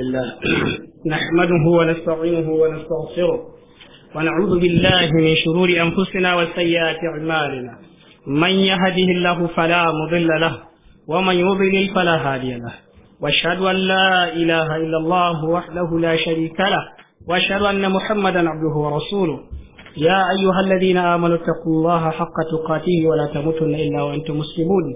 الله نحمده ونستعينه ونستغفره ونعوذ بالله من شرور أنفسنا وسيئات أعمالنا من يهده الله فلا مضل له ومن يضلل فلا هادي له واشهد أن لا إله إلا الله وحده لا شريك له واشهد أن محمدا عبده ورسوله يا أيها الذين آمنوا اتقوا الله حق تقاته ولا تموتن إلا وأنتم مسلمون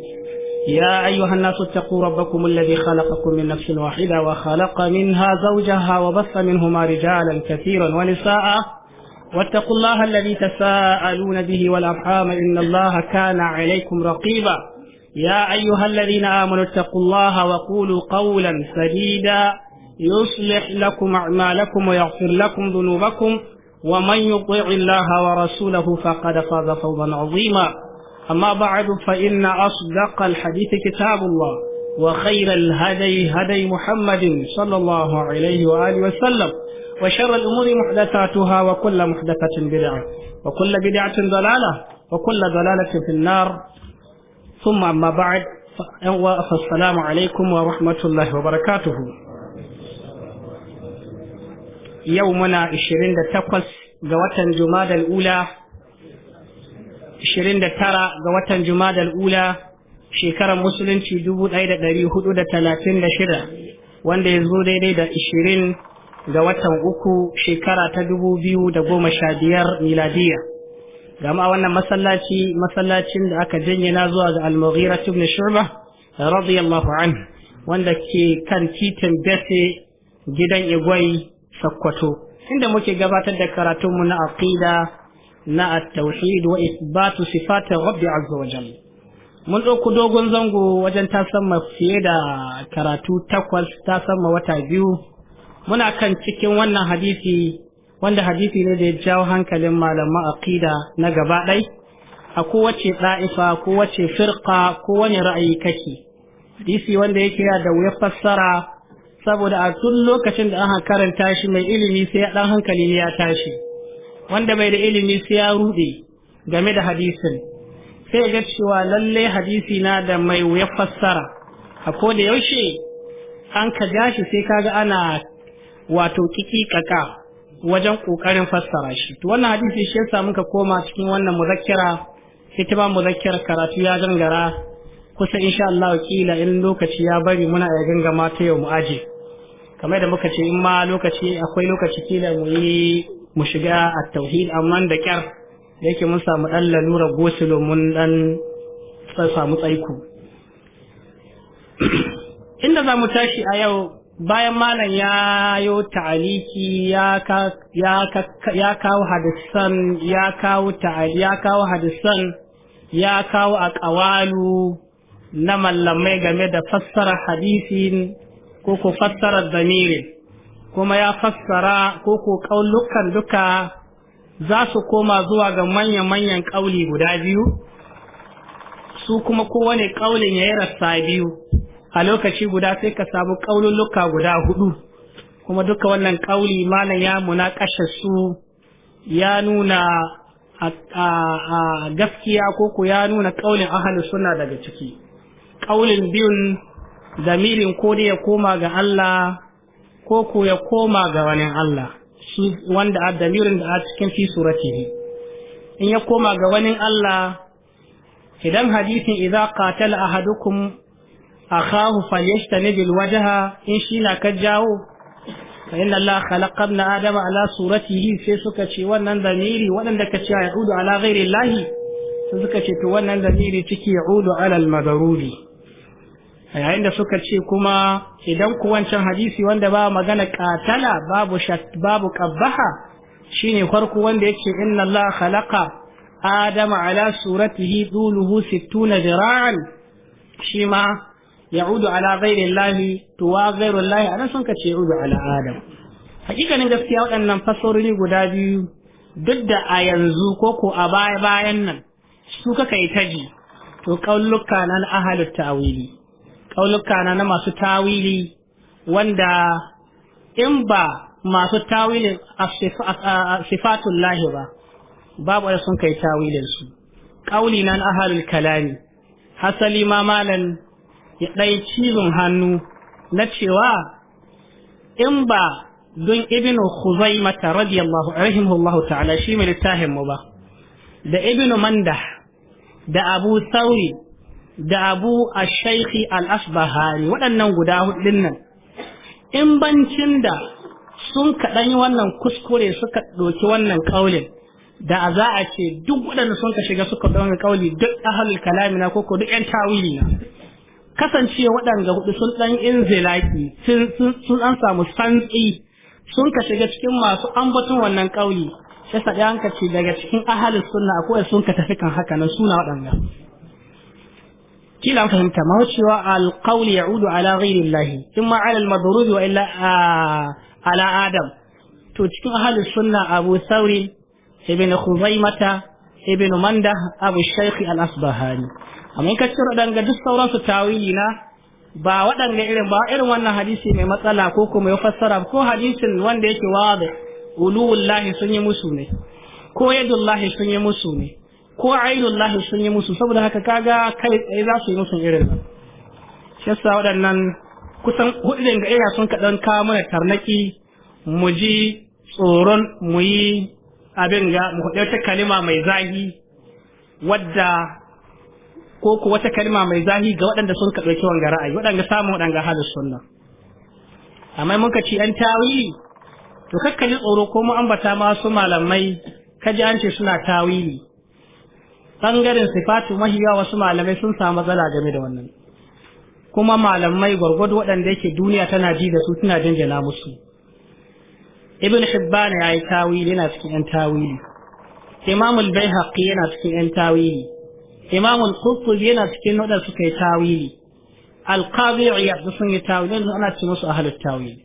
يا أيها الناس اتقوا ربكم الذي خلقكم من نفس واحدة وخلق منها زوجها وبث منهما رجالا كثيرا ونساء واتقوا الله الذي تساءلون به والأرحام إن الله كان عليكم رقيبا يا أيها الذين آمنوا اتقوا الله وقولوا قولا سديدا يصلح لكم أعمالكم ويغفر لكم ذنوبكم ومن يطيع الله ورسوله فقد فاز فوضا عظيما أما بعد فإن أصدق الحديث كتاب الله وخير الهدي هدي محمد صلى الله عليه وآله وسلم وشر الأمور محدثاتها وكل محدثة بدعة وكل بدعة ضلالة وكل ضلالة في النار ثم أما بعد فالسلام عليكم ورحمة الله وبركاته يومنا 28 ga جمادى الأولى tara ga watan Jumadal Ula shekarar musulunci ɗaya da da da ɗari talatin shida. wanda ya zo daidai da 20 ga watan uku shekara ta da goma sha biyar miladiya gama wannan masallaci masallacin da aka janye na zuwa ga Al-Mughira ibn radiyallahu anhu wanda ke kan titin Bese gidan Igwai Sokoto inda muke gabatar da karatunmu na aqida na at-tauhid wa isbatu sifati rabbi azza wa jalla mun ɗauko dogon zango wajen ta ma fiye da karatu takwas ta ma wata biyu muna kan cikin wannan hadisi wanda hadisi ne da ya jawo hankalin malama aqida na gaba ɗai a kowace ɗa'ifa kowace firqa ko wani ra'ayi kake hadisi wanda yake da wuya fassara saboda a tun lokacin da aka karanta shi mai ilimi sai ya ɗan hankali ne ya tashi wanda bai da ilimi sai ya rude game da hadisin sai ga cewa lalle hadisi na da mai wuya fassara a da yaushe an ka gashi sai kaga ana wato kiki kaka wajen kokarin fassara shi to wannan hadisi shi yasa muka koma cikin wannan ta hitima muzakkira karatu ya gangara kusa insha Allah kila in lokaci ya bari muna ya gangama ta yau mu aje kamar da muka ce in ma lokaci akwai lokaci kila mu yi mu shiga a tauhid amma da kyar da yake mun samu ɗan lalura gosilo mun ɗan samu tsaiku. inda za mu tashi a yau bayan malam ya yo ta'aliki ya kawo hadisan ya kawo ya kawo hadisan ya kawo na mallamai game da fassara hadisin ko ko fassara zamirin kuma ya fassara ko ko kaulukan duka za su koma zuwa ga manya-manyan kauli guda biyu su kuma kowane kaulin ya yi rasa biyu a lokaci guda sai ka samu kaululluka guda hudu kuma duka wannan kauli malam ya kashe su ya nuna a gaskiya ko ko ya nuna kaulin ahalus suna daga ciki kaulin biyun zamirin ko da ya koma ga Allah ko ko ya koma ga wani Allah su wanda a damirin da a cikin fi suratihi in ya koma ga wani Allah idan hadisin idza qatala ahadukum akhahu falyastani bil wajha in shi na ka jawo fa inna Allah khalaqa ibn ala suratihi sai suka ce wannan damiri waɗanda ka ce ala ghairi Allah sai suka ce to wannan damiri ciki ya'udu ala al-madaruri yayin da suka ce kuma idan ku wancan hadisi wanda ba magana katala babu babu qabaha shine farko wanda yake inna Allah khalaqa adama ala suratihi duluhu 60 dira'an shi ma ya'udu ala ghayri Allah to ghayru Allah ana son ka ce ya'udu ala adam hakikanin gaskiya waɗannan fasorori guda biyu duk da a yanzu ko ko a baya bayan nan su kaka yi taji to kaulluka nan ahalin ta'wili kauluka na na masu tawili wanda in ba masu tawilin sifatullahi lahi ba babu da sun kai tawilinsu. su na nan ahalul kalami hasali ma malan ya ɗai cizon hannu na cewa in ba don ibnu mata radiyallahu Allah ta'ala shi mai littafinmu ba da ibinu manda da abu sauri da abu a shaikhi al’asbahari waɗannan guda hudun nan in bancin da sun kaɗan wannan kuskure suka ɗoki wannan ƙaulin da a za a ce duk waɗanda sun ka shiga suka ɗauki ƙauli duk ahalul kalamina ko ko duk 'yan tawili na kasance waɗanda hudu sun ɗan zilaki sun an samu santsi sun ka shiga cikin masu ambaton wannan ƙauli sai sa ɗaya daga cikin ahalul sunna akwai sun ka tafi kan haka na suna waɗanda kila an fahimta ma cewa ya ya'udu ala ghairi in imma ala al wa illa ala adam to cikin ahlus sunna abu sauri ibn khuzaimata ibn manda abu shaykh al-asbahani amma ka ciro dan ga duk sauran su tawili na ba waɗanda irin ba irin wannan hadisi mai matsala ko kuma ya fassara ko hadisin wanda yake wada uluwullahi sun yi musu ne ko yadullahi sun yi musu ne ko ainihin lahi sun yi musu saboda haka kaga kai tsaye za su yi musu irin nan shi yasa waɗannan kusan hudu da ina sun kaɗan kawo mana tarnaki mu ji tsoron mu yi abin ga mu kuɗe wata kalima mai zahi wadda ko ku wata kalima mai zahi ga waɗanda sun kaɗo kiwon wanga ra'ayi waɗanda samun waɗanda halin sunna amma mun ka ci an tawili to kakkali tsoro ko mu ambata ma su malamai kaji an ce suna tawili bangaren sifatu mahiya wasu malamai sun samu matsala game da wannan kuma malamai gwargwado waɗanda yake duniya tana ji da su suna jinjina musu ibn hibban ya yi tawili yana cikin yan tawili Imamul Bai baihaqi yana cikin yan tawili Imamul al yana cikin waɗanda suka yi tawili al-qadi ya sun yi tawili yanzu ana ce musu ahlul tawili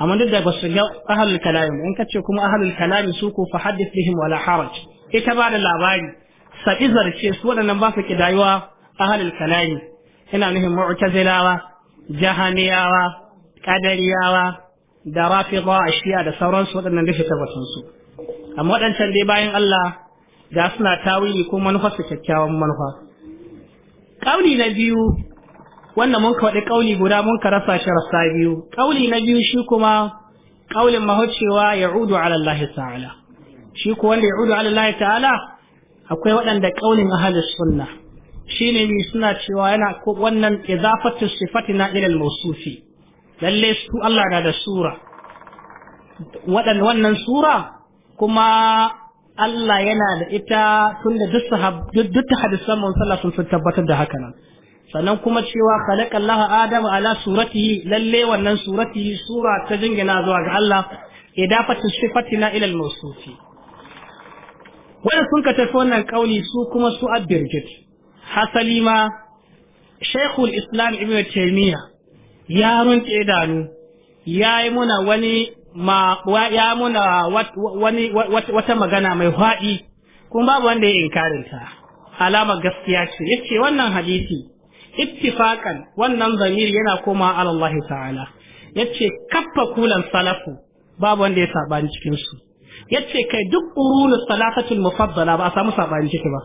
amma duk da basu ga ahlul kalam in ka ce kuma ahlul kalam su ku fa hadith bihim wala haraj ita ba da labari sabi zarce su waɗannan ba su kidayuwa halin kalayi ina nuhin mu'tazilawa jahamiyawa ƙadariyawa, da a shi'a da sauransu waɗannan da tabbatun su amma waɗancan dai bayan Allah da suna tawili ko manufa su kyakkyawan manufa kauli na biyu wannan mun kaɗi kauli guda mun ka rasa shi rasa biyu kauli na biyu shi kuma kaulin mahaucewa ya udu ala Allah ta'ala shi ko wanda ya udu ala Allah ta'ala akwai waɗanda ƙaunin ahalus sunna shine mi suna cewa yana ko wannan idafatu sifatina na al-mawsufi lalle su Allah na da sura waɗan wannan sura kuma Allah yana da ita tunda duk duk hadisan mun sallah sun tabbatar da haka nan sannan kuma cewa khalaqa Allah Adam ala suratihi lalle wannan suratihi sura ta jingina zuwa ga Allah idafatu sifatina na al-mawsufi wanda sun ka tafi wannan kauli su kuma su addirgit hasali ma shekul islam ibn taymiya ya runke danu ya yi muna wani ya muna wata magana mai haɗi kuma babu wanda ya inkarinta alama gaskiya ce yace wannan hadisi ittifaqan wannan zamiri yana koma alallahi Allah ta'ala yace kaffa kulan salafu babu wanda ya saba cikin su yace kai duk qurunus salatatul mufaddala ba a samu sabani ciki ba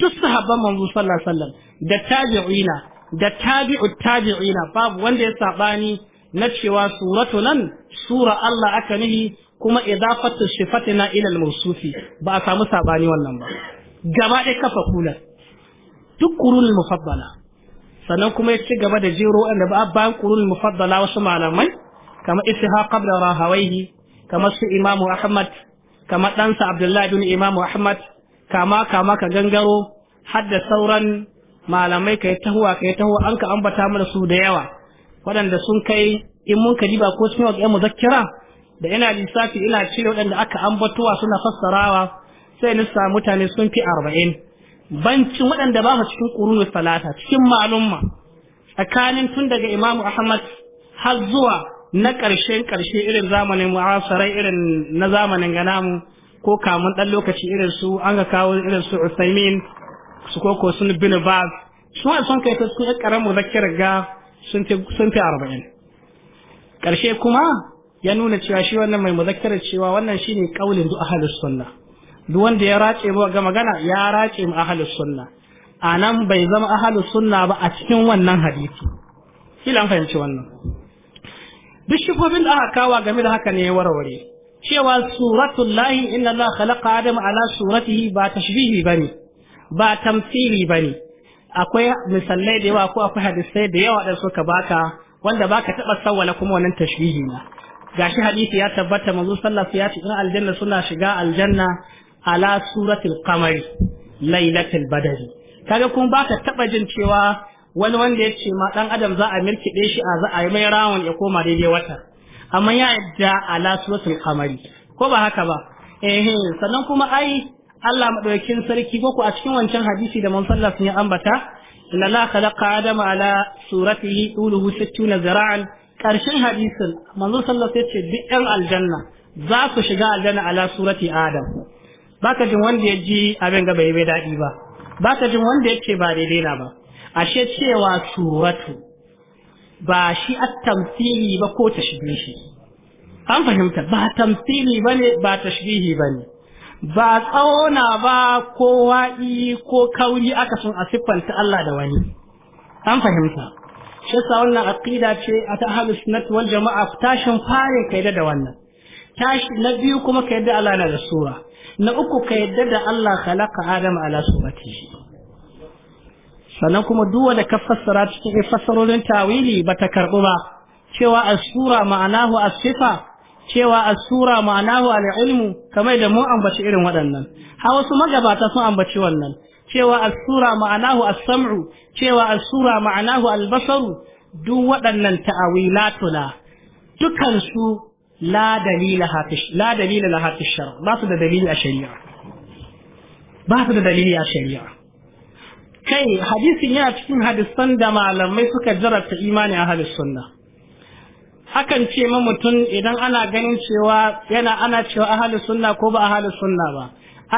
duk sahabban manzo sallallahu alaihi wasallam da tabi'ina da tabi'ut tabi'ina babu wanda ya sabani na cewa suratu nan sura Allah aka nihi kuma idafatu sifatina ila al-mawsufi ba a samu sabani wannan ba gaba ɗaya kafa kulan duk qurunul mufaddala sannan kuma ya ci gaba da jero wanda ba bayan qurunul mufaddala wasu malamai kamar ishaq qabla rahawaihi kamar su imamu ahmad kamar ɗansa abdullahi bin imamu ahmad kama kama ka gangaro har da sauran malamai ka yi tahuwa ka yi tahuwa an ka ambata mana su da yawa waɗanda sun kai in mun ka diba ko sun yi wa muzakkira da ina lissafi ina cire waɗanda aka ambatuwa suna fassarawa sai nisa mutane sun fi arba'in bancin waɗanda ba su cikin ƙurunu salata cikin ma'alumma tsakanin tun daga imamu ahmad har zuwa na ƙarshen ƙarshe irin zamanin mu'asarai irin na zamanin ganamu ko kamun ɗan lokaci irin su an ga kawo irin su Usaimin su koko sun bin Baz su wani sun kai ta su ƙaran muzakkir ga sun fi arba'in ƙarshe kuma ya nuna cewa shi wannan mai muzakkirar cewa wannan shine ƙaunin duk ahalus sunna duk wanda ya race ba ga magana ya race mu ahlus sunna nan bai zama ahalus sunna ba a cikin wannan hadisi kila an fahimci wannan duk shifofin da aka kawa game da haka ne ya warware cewa suratul lahi inna Allah khalaqa adam ala suratihi ba tashbihi bane ba ba ne. akwai misalai da yawa ko akwai hadisai da yawa da suka baka wanda baka taba sawwala kuma wannan tashbihi na gashi hadisi ya tabbata manzo sallallahu alaihi wasallam aljanna suna shiga aljanna ala suratul qamari lailatul badri kaga kuma baka taba jin cewa wani wanda ya ce ma dan adam za a mirkide shi a za a yi mai rawan ya koma daidai wata amma ya yadda a suratul kamari ko ba haka ba eh sannan kuma ai Allah madaukakin sarki ko a cikin wancan hadisi da man sun ya ambata inna la khalaqa adama ala suratihi tuluhu 60 zira'an karshen hadisin manzo sallah sai ce duk aljanna za su shiga aljanna ala surati adam baka jin wanda ya ji abin ga bai bai daɗi ba baka jin wanda ya ce ba daidai na ba ashe cewa suratu ba shi a tamsili ba ko tashbihi an fahimta ba tamsili bane ba tashbihi bane, ba tsauna ba ko wa'i ko kauri aka sun a Allah da wani an fahimta shi sa wannan aqida ce a ta ahlus sunnati wal jama'a tashin farin ka yadda da wannan tashi na biyu kuma ka yadda Allah na da sura na uku ka yadda da Allah khalaqa adama ala suratihi sannan kuma duk wanda ka fassara cikin fassarorin tawili bata karbu ba cewa as-sura ma'anahu as-sifa cewa as-sura ma'anahu al-ilmu kamar da mu ambaci irin waɗannan har wasu magabata sun ambaci wannan cewa as-sura ma'anahu as-sam'u cewa as-sura ma'anahu al-basaru duk waɗannan ta'awilatuna dukan su la dalila hafish la dalila la hafish shar ba su da dalili a shari'a ba su da dalili a shari'a kai hadisin yana cikin hadisan da malamai suka jarabta imani a hadis sunna hakan ce ma mutum idan ana ganin cewa yana ana cewa ahalus sunna ko ba ahalus sunna ba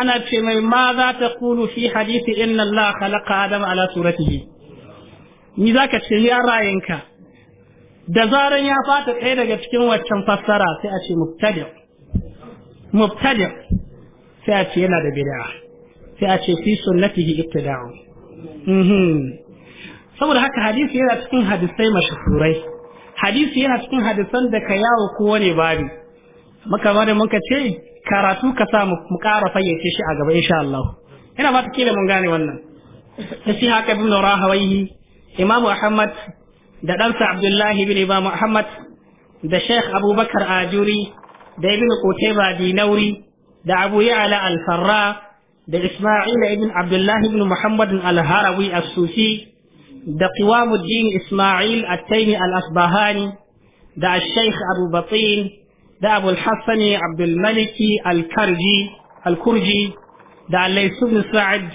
ana ce mai ma za ta kulu fi hadisi inna Allah khalaqa Adam ala suratihi ni ka ce ya rayinka da zaran ya fata ɗaya daga cikin waccan fassara sai a ce mubtadi mubtadi sai a ce yana da bid'a sai a ce fi sunnatihi ibtida'u Mhm. saboda haka hadisi yana cikin hadisai turai hadisi yana cikin hadisan da ka yawo kowane babi maka da muka ce karatu ka sa mu ƙara fayyace shi a gaba insha Allah ina ba ta kila mun gane wannan sai haka ibn rahawayhi imam Muhammad da ɗansa abdullahi bin imam Muhammad da sheikh abubakar ajuri da ibn qutayba dinauri da abu ya'la al-farra da Isma'il ibn Abdullah ibn Muhammad al-Harawi as-Sufi da Qiwamuddin Isma'il at al-Asbahani da Al-Sheikh Abu Batin da Abu al-Hassan Abdul al-Karji al-Kurji da Al-Layth ibn Sa'd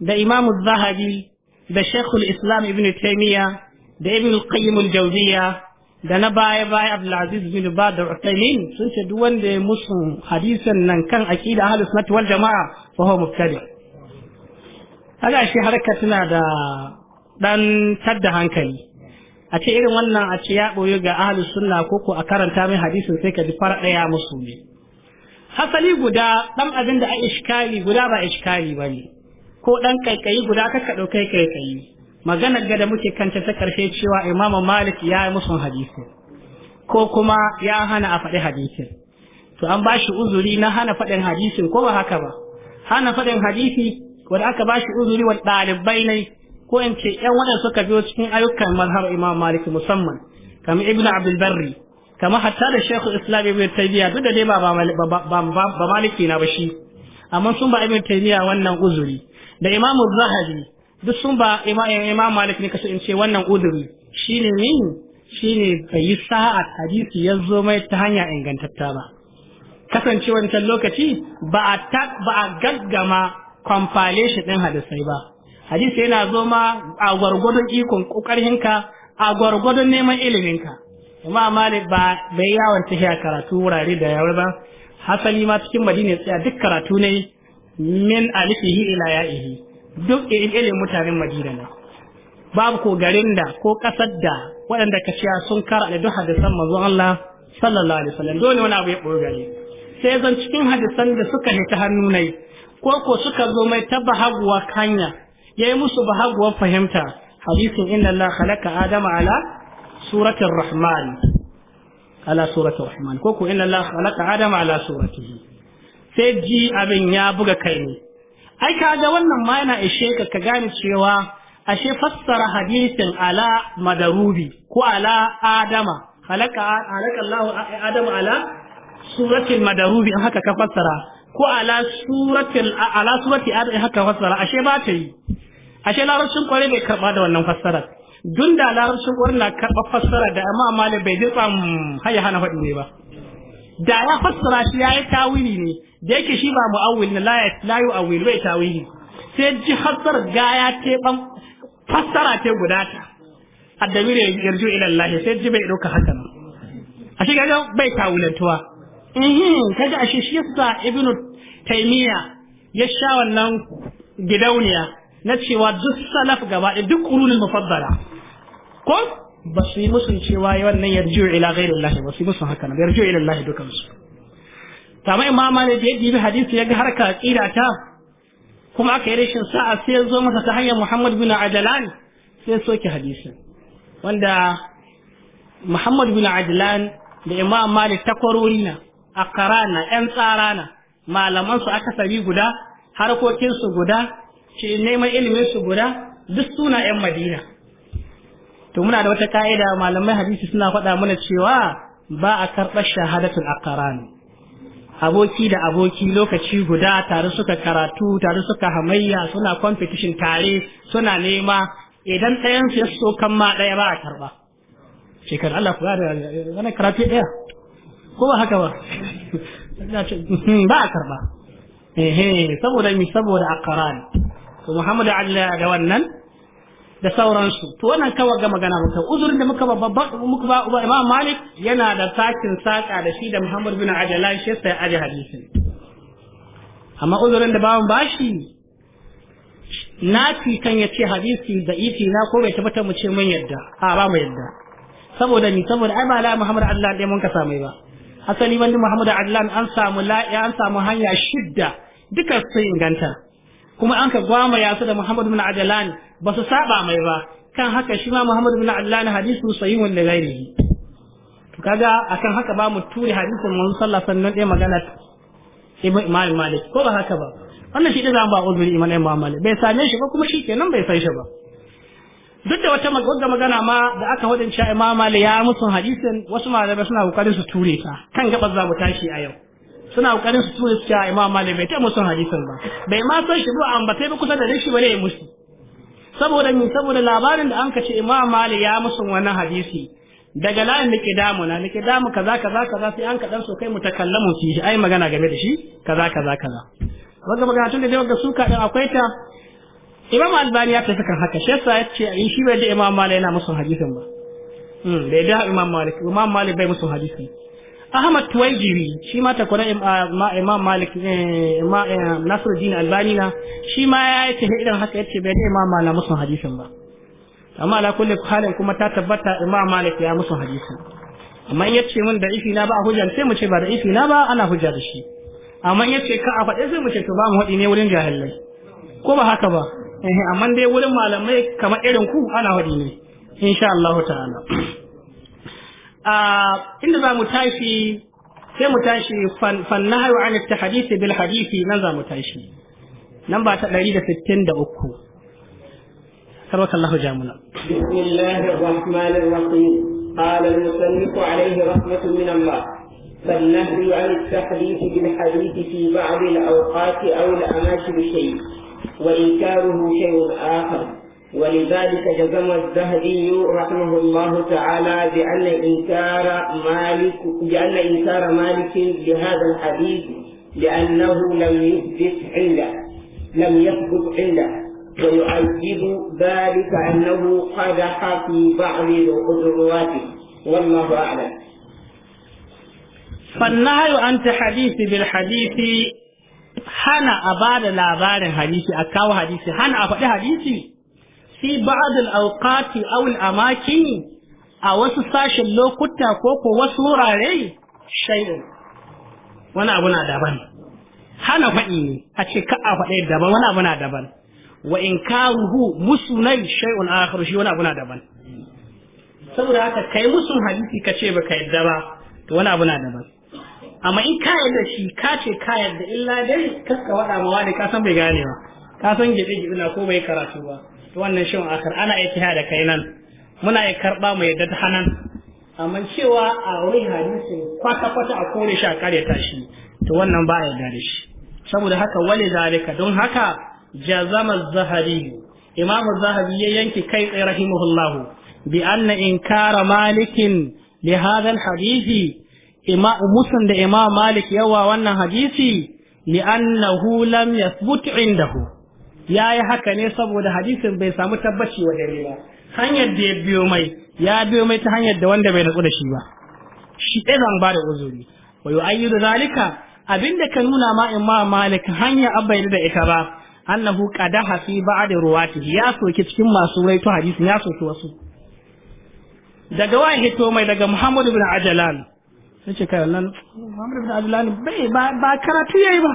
da Imam al-Zahabi da Sheikh al-Islam ibn Taymiyyah da Ibn al-Qayyim al da na baya baya Abdulaziz bin Ba da sun ce duk wanda ya musu hadisan nan kan aƙida ahlus na wal jamaa fa huwa mubtadi kaga shi harka tana da dan tadda hankali a ce irin wannan a ce ya boye ga ahlus sunna ko ko a karanta mai hadisin sai ka ji fara ɗaya musu ne hasali guda dan abin da a iskali guda ba iskali ne, ko dan kaikayi guda ka ɗaukai kaikayi Maganar ga da muke kanta ta karshe cewa imamu malik ya yi musun hadisi ko kuma ya hana a faɗi hadisin to an bashi uzuri na hana faɗin hadisin ko ba haka ba hana faɗin hadisi wanda aka bashi uzuri wa ɗalibai ne ko in ce ƴan wanda suka biyo cikin ayyukan mazhar imam malik musamman kamar ibnu abdul barri kamar hatta da shekhu islam ibn taymiya duk da dai ba ba maliki na ba shi amma sun ba ibn taymiya wannan uzuri da imam zahabi duk sun ba imam malik ne kasu in ce wannan udiri shine ne shine bai yi sa'a hadisi ya zo mai ta hanya ingantatta ba kasance wancan lokaci ba a ba gaggama compilation din hadisai ba hadisi yana zo ma a gwargwadon ikon kokarinka a gwargwadon neman iliminka imam malik ba bai yawon tafiya karatu wurare da yawa ba hasali ma cikin madina tsaya duk karatu ne min alifihi ila ya'ihi duk irin irin mutanen madina ne babu ko garin da ko kasar da waɗanda ka ciya sun kara da duk hadisan mazu Allah sallallahu alaihi wasallam dole wani abu ya ɓoye gari. sai zan cikin hadisan da suka hita hannu nai ko ko suka zo mai ta bahaguwa kanya yi musu bahaguwa fahimta hadisin inna Allah halaka adama ala suratul rahman ala suratul rahman ko ko inna Allah halaka adama ala suratihi sai ji abin ya buga kai ne ai kaga wannan ma yana ishe ka ka gane cewa ashe fassara hadisin ala madarubi ko ala adama halaka halaka Allah adama ala suratul madarubi in haka ka fassara ko ala suratul ala surati adam in haka fassara ashe ba ta yi ashe larabcin kware bai karba da wannan fassarar dun da larabcin kware na karba fassara da amma malam bai dirba haya hana faɗi ne ba da ya fassara shi ya yi tawili ne da yake shi ba mu'awil na la yu'awil bai tawili sai ji hasar gaya te ban fassara te guda ta addamir yarju ila Allah sai ji bai dauka haka nan a shi kaga bai tawulantuwa mhm kaga ashe shi yasa ibnu taymiya ya sha wannan gidauniya na cewa duk salaf gaba duk qulul mufaddala ko ba su yi musun cewa wannan yarju ila ghairi Allah ba su yi musun haka nan yarju ila Allah dukansu tamai mama ne da ya bi hadisi ya ga harka aqida ta kuma aka yi rashin sa'a sai ya zo masa ta hanyar Muhammad bin Ajlan sai soke hadisin wanda Muhammad bin Ajlan da Imam Malik takwarori na akarana yan tsara na malaman su akasari guda harkokin su guda ce neman ilimin su guda duk suna yan Madina to muna da wata ka'ida malamai hadisi suna faɗa mana cewa ba a karɓar shahadatul aqran aboki da aboki lokaci guda tare suka karatu tare suka hamayya suna competition tare suna nema idan ɗayan su ya so kan ma ɗaya ba a karɓa shekar Allah kuwa da wani karatu ɗaya ko ba haka ba hmm, ba a karɓa saboda mi saboda akaran to Muhammadu Allah da wannan da sauransu to wannan kawai ga magana ba uzurin da muka babba muka ba uba Imam Malik yana da takin saka da shi da Muhammad bin Ajlan shi sai aje hadisin amma uzurin da bawan bashi ci kan ya ce hadisi da ifi na ko bai tabbata mu ce mun yadda a ba mu yadda saboda ni saboda ai ba la Muhammad Allah dai mun ka samai ba asali wani Muhammad Adlan an samu la an samu hanya shidda duka sun inganta kuma an ka gwama ya su da Muhammadu bin Adalani ba su saba mai ba kan haka shi ma Muhammadu bin Adalani hadisu sayi wanda gairihi yi. kaga kan haka ba mu ture hadisun wani sallallahu alaihi ɗaya magana Imam Malik ko ba haka ba wannan shi ɗin zan ba uzuri Imam Malik bai same shi ba kuma shi kenan bai san shi ba duk da wata magwagga magana ma da aka wadin cewa Imam Malik ya musu hadisin wasu malamai suna kokarin su ture ta kan gaba za mu tashi a yau suna kokarin su tura su cewa imam malik bai taɓa son hadisin ba bai ma san shi ba an ba sai kusa da shi bane ya musu saboda ni saboda labarin da an ka ce imam malik ya musu wannan hadisi daga layin nake damu na nake damu kaza kaza kaza sai an kadan so kai mu takallamu fi shi ai magana game da shi kaza kaza kaza wanda magana tun da dai wanda suka din akwai ta Imam Albani ya tafi kan haka shi yasa ya ce in shi bai da Imam Malik yana musu hadisin ba hmm bai da Imam Malik Imam Malik bai musu hadisi Ahmad Tuwaigiri shi ma kwanar ah, Imam Malik eh, eh, Nasiruddin Albani na shi ma ya yi ta irin haka yace bai da Imam Malik musu hadisin ba amma ala kulli halin kuma ta tabbata Imam Malik ya musu hadisin amma yace min da ifi na ba a hujja sai mu ce ba da ifi na ba ana hujja da shi amma yace ka a faɗe sai mu ce to ba mu haɗi ne wurin jahilai ko ba haka ba eh, amma dai wurin malamai kamar irin ku ana haɗi ne insha Allah ta'ala inda za mu tashi sai mu tashi fannahayu an hadisi bil hadisi nan za mu tashi nan ba ta 163 سبحانك الله جامنا بسم الله الرحمن الرحيم قال المصنف عليه رحمة من الله فالنهي عن التحديث بالحديث في بعض الأوقات أو الأماكن شيء وإنكاره شيء آخر ولذلك جزم الذهبي رحمه الله تعالى بأن إنكار مالك بأن إنكار مالك لهذا الحديث لأنه لم يثبت عنده لم يثبت عنده ويؤكد ذلك أنه قدح في بعض الغزوات والله أعلم فالنهي عن تحديث بالحديث hana a ba da labarin hadisi a kawo hadisi hana fi ba'd al-awqati aw al-amakin a wasu sashen lokuta ko ko wasu wurare shay'in wani abu na daban hana faɗi ne a ce ka a faɗe daban wani abu na daban wa in karuhu musunai shay'un akhar shi wani abu na daban saboda haka kai musun hadisi ka ce baka yadda ba to wani abu na daban amma in ka yadda shi ka ce ka yadda illa dai kaska wada ma wani ka san bai gane ba ka san gide na ko bai karatu ba to wannan shi akar ana iya da kai nan muna iya karba mu yadda ta hanan amma cewa a wai hadisi kwata kwata a kore shi a kare ta shi to wannan ba a da shi saboda haka wali zalika don haka jazama zahari imamu zahabi ya yanki kai tsaye rahimahullahu bi anna inkara malikin li hadha hadisi musan da imam malik yawa wannan hadisi li annahu lam yathbut indahu ya yi haka ne saboda hadisin bai samu tabbaci wa dare ba hanyar da ya biyo mai ya biyo mai ta hanyar da wanda bai natsu da shi ba shi ɗaya zan ba da uzuri wa yu'ayyidu zalika abinda ka nuna ma imam malik hanya abai da ita ba annahu qadaha fi ba'd ruwatihi ya soke cikin masu to hadisin ya soke wasu daga wani hito mai daga muhammad ibn ajalan sai ce kai nan muhammad ibn ajalan bai ba karatu yayi ba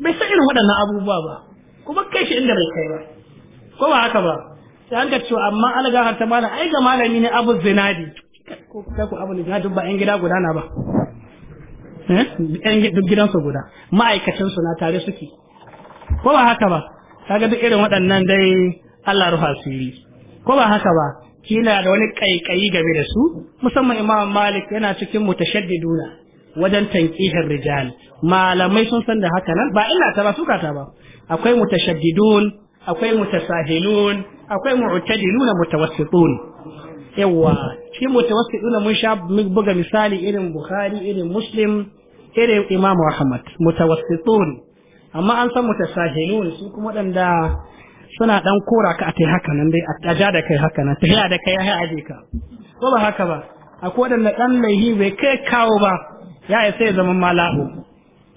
bai san irin waɗannan abubuwa ba kuma kai shi inda bai kai ba ko ba haka ba sai an ga cewa amma an ga ta malam ai ga malami ne abu zinadi ko ka ku abu zinadi ba yan gida guda na ba eh yan gidansu guda ma'aikatan su na tare suke ko ba haka ba kaga duk irin waɗannan dai Allah ruha siri? ko ba haka ba kila da wani kaikayi game da su musamman Imam Malik yana cikin mutashaddiduna wajen tanqihin rijal malamai sun san da haka nan ba illa ta ba suka ta ba akwai mutashaddidun akwai mutasahilun akwai mu'tadiluna mutawassitun yawa shi mutawassitun mun sha buga misali irin bukhari irin muslim irin Imam ahmad mutawassitun amma an san mutasahilun su kuma danda. suna dan kora ka a tai haka nan dai a ja da kai haka nan tafiya da kai ya aje ka ko ba haka ba akwai wadanda dan laihi bai kai kawo ba ya isa ya zama malahu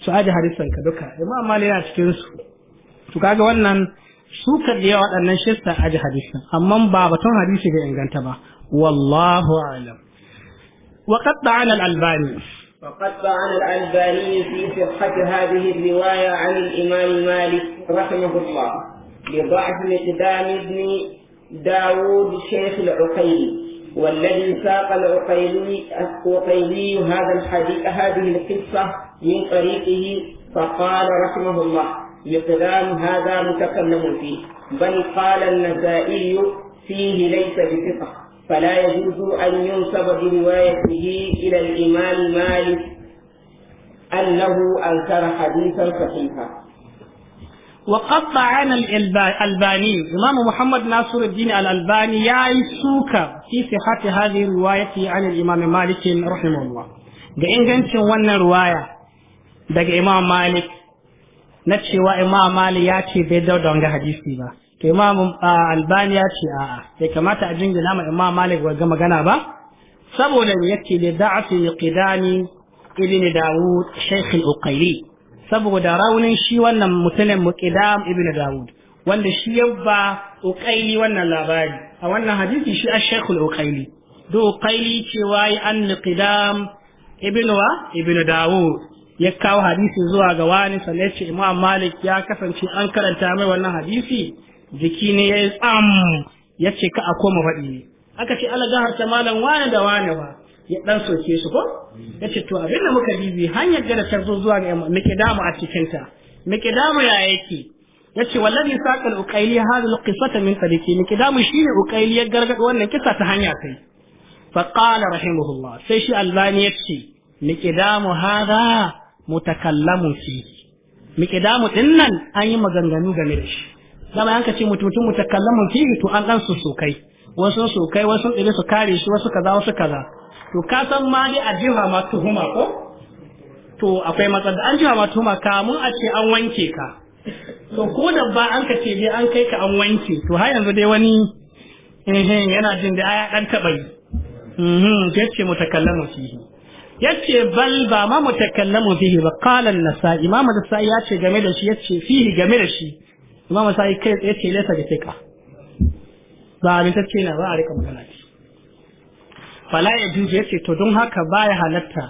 su aji hadisan ka duka imam mali yana cikin su to kaga wannan su ka da yawa waɗannan shista aji hadisan amma ba batun hadisi bai inganta ba wallahu alam wa qad ta'ala al-albani وقد طعن الألباني في صحة هذه الرواية عن الإمام مالك رحمه الله لضعف مقدام ابن داود شيخ العقيلي والذي ساق العقيلي هذا الحديث هذه القصة من طريقه فقال رحمه الله مقدام هذا متكلم فيه بل قال النزائي فيه ليس بثقة فلا يجوز أن ينسب بروايته إلى الإمام مالك أنه أنكر حديثا صحيحا وقطعنا الألباني الإمام محمد ناصر الدين الألباني يعيسوك في صحة هذه الرواية عن الإمام مالك رحمه الله ga ingancin wannan ruwaya daga Imam Malik na cewa Imam Malik ya ce bai dauda wanga hadisi ba to Imam Albani ya ce a'a bai kamata a jingina ma Imam Malik ga magana ba saboda yace da da'afi qidani ibn Dawud Sheikh al saboda raunin shi wannan mutumin muqidam ibn dawud wanda shi ya yabba uqaili wannan labari a wannan hadisi shi ash-shaykhul uqaili do uqaili cewa yi an muqidam ibn wa ibn dawud ya kawo hadisi zuwa ga wani sanaci imam malik ya kasance an karanta mai wannan hadisi jiki ne ya yi tsam ya ce ka a koma faɗi aka ce ala gahar ta malam wani da wani ba ya dan soke ko yace to abin da muka bibi hanyar da ta zo zuwa ga muke damu a cikin ta muke damu ya yake yace wallahi saqa uqayli hadha al min tariqi muke damu shine uqayli ya gargado wannan kisa ta hanya sai fa qala rahimahullah sai shi albani yace muke damu hadha mutakallamu fi muke damu dinnan an yi maganganu game da shi dama yanka ce mutum mutakallamu fi to an dan su sokai wasu sokai wasu ɗire su kare shi wasu kaza wasu kaza to ka san ma dai a jiha ma tuhuma ko to akwai matsala an jiha ma tuhuma kamun a ce an wanke ka to ko da ba an ka ce dai an kai ka an wanke to har yanzu dai wani yana jin da ya dan taba yi mhm yace mutakallamu fihi yace bal ba ma mutakallamu fihi ba qala an-nasai imam an-nasai yace game da shi yace fihi game da shi imam an-nasai kai yace laysa bi thiqa ba abin tace na ba a rika magana fala ya juje ce to don haka baya halatta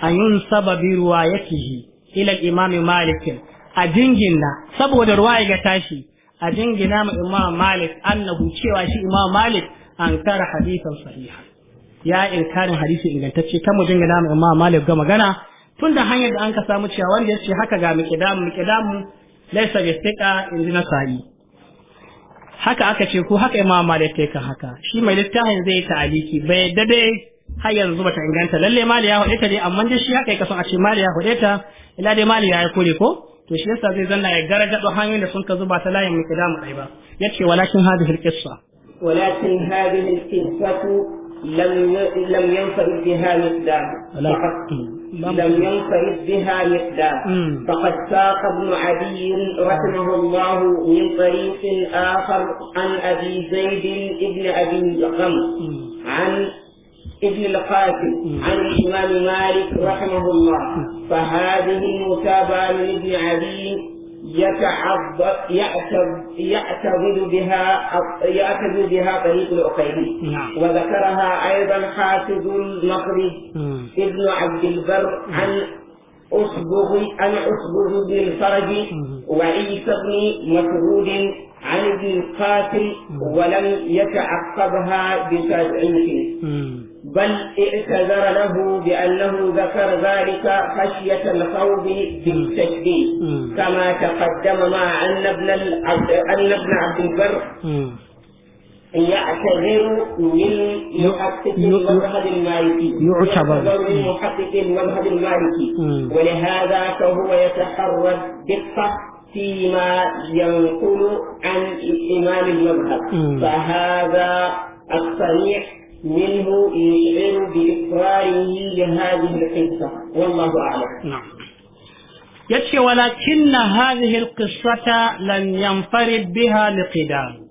an sababin sababi ya ila ilal imami malikin a jingina saboda ruwa ya tashi a jingina ma imam malik annahu cewa shi imam malik an kara hadisan sahiha ya inkarin hadisi ingantacce kan mu jingina ma imam malik ga magana tunda hanyar da an ka samu cewa wanda ya ce haka ga miqdam miqdam laysa bi ji na nasai haka aka ce ko haka imam malik ta kan haka shi mai littafin zai ta aliki bai yadda dai har yanzu bata inganta lalle mali ya hode ta dai amma dai shi haka yake son a ce mali ya hode ta ila dai mali ya kore ko to shi yasa zai zanna ya do hanyoyin da sun ka zuba ta layin damu ai ba yace walakin hadhihi alqissa walakin hadhihi alqissatu lam lam yanfa biha miqdam لم ينفرد بها مثلا فقد ساق ابن عدي رحمه الله من طريق آخر عن أبي زيد بن أبي الغم عن ابن القاسم عن الإمام مالك رحمه الله فهذه المتابعة لابن عدي يعتضد بها يعتضد بها طريق نعم. وذكرها أيضا حافظ المصري ابن عبد البر عن أصبغ عن أصبغ بالفرج الفرج وعيسى بن مسرود عن ابن القاتل ولم يتعقبها بتابعيه بل اعتذر له بأنه ذكر ذلك خشية الخوض بالتشبيه كما تقدم مع أن ابن أن ابن عبد البر يعتذر من محقق المذهب المالكي يعتبر من محقق المذهب المالكي ولهذا فهو يتحرى دقة فيما ينقل عن إمام المذهب فهذا الصريح منه يشعر بإقراره لهذه القصة والله أعلم نعم يتشي ولكن هذه القصة لن ينفرد بها لقدام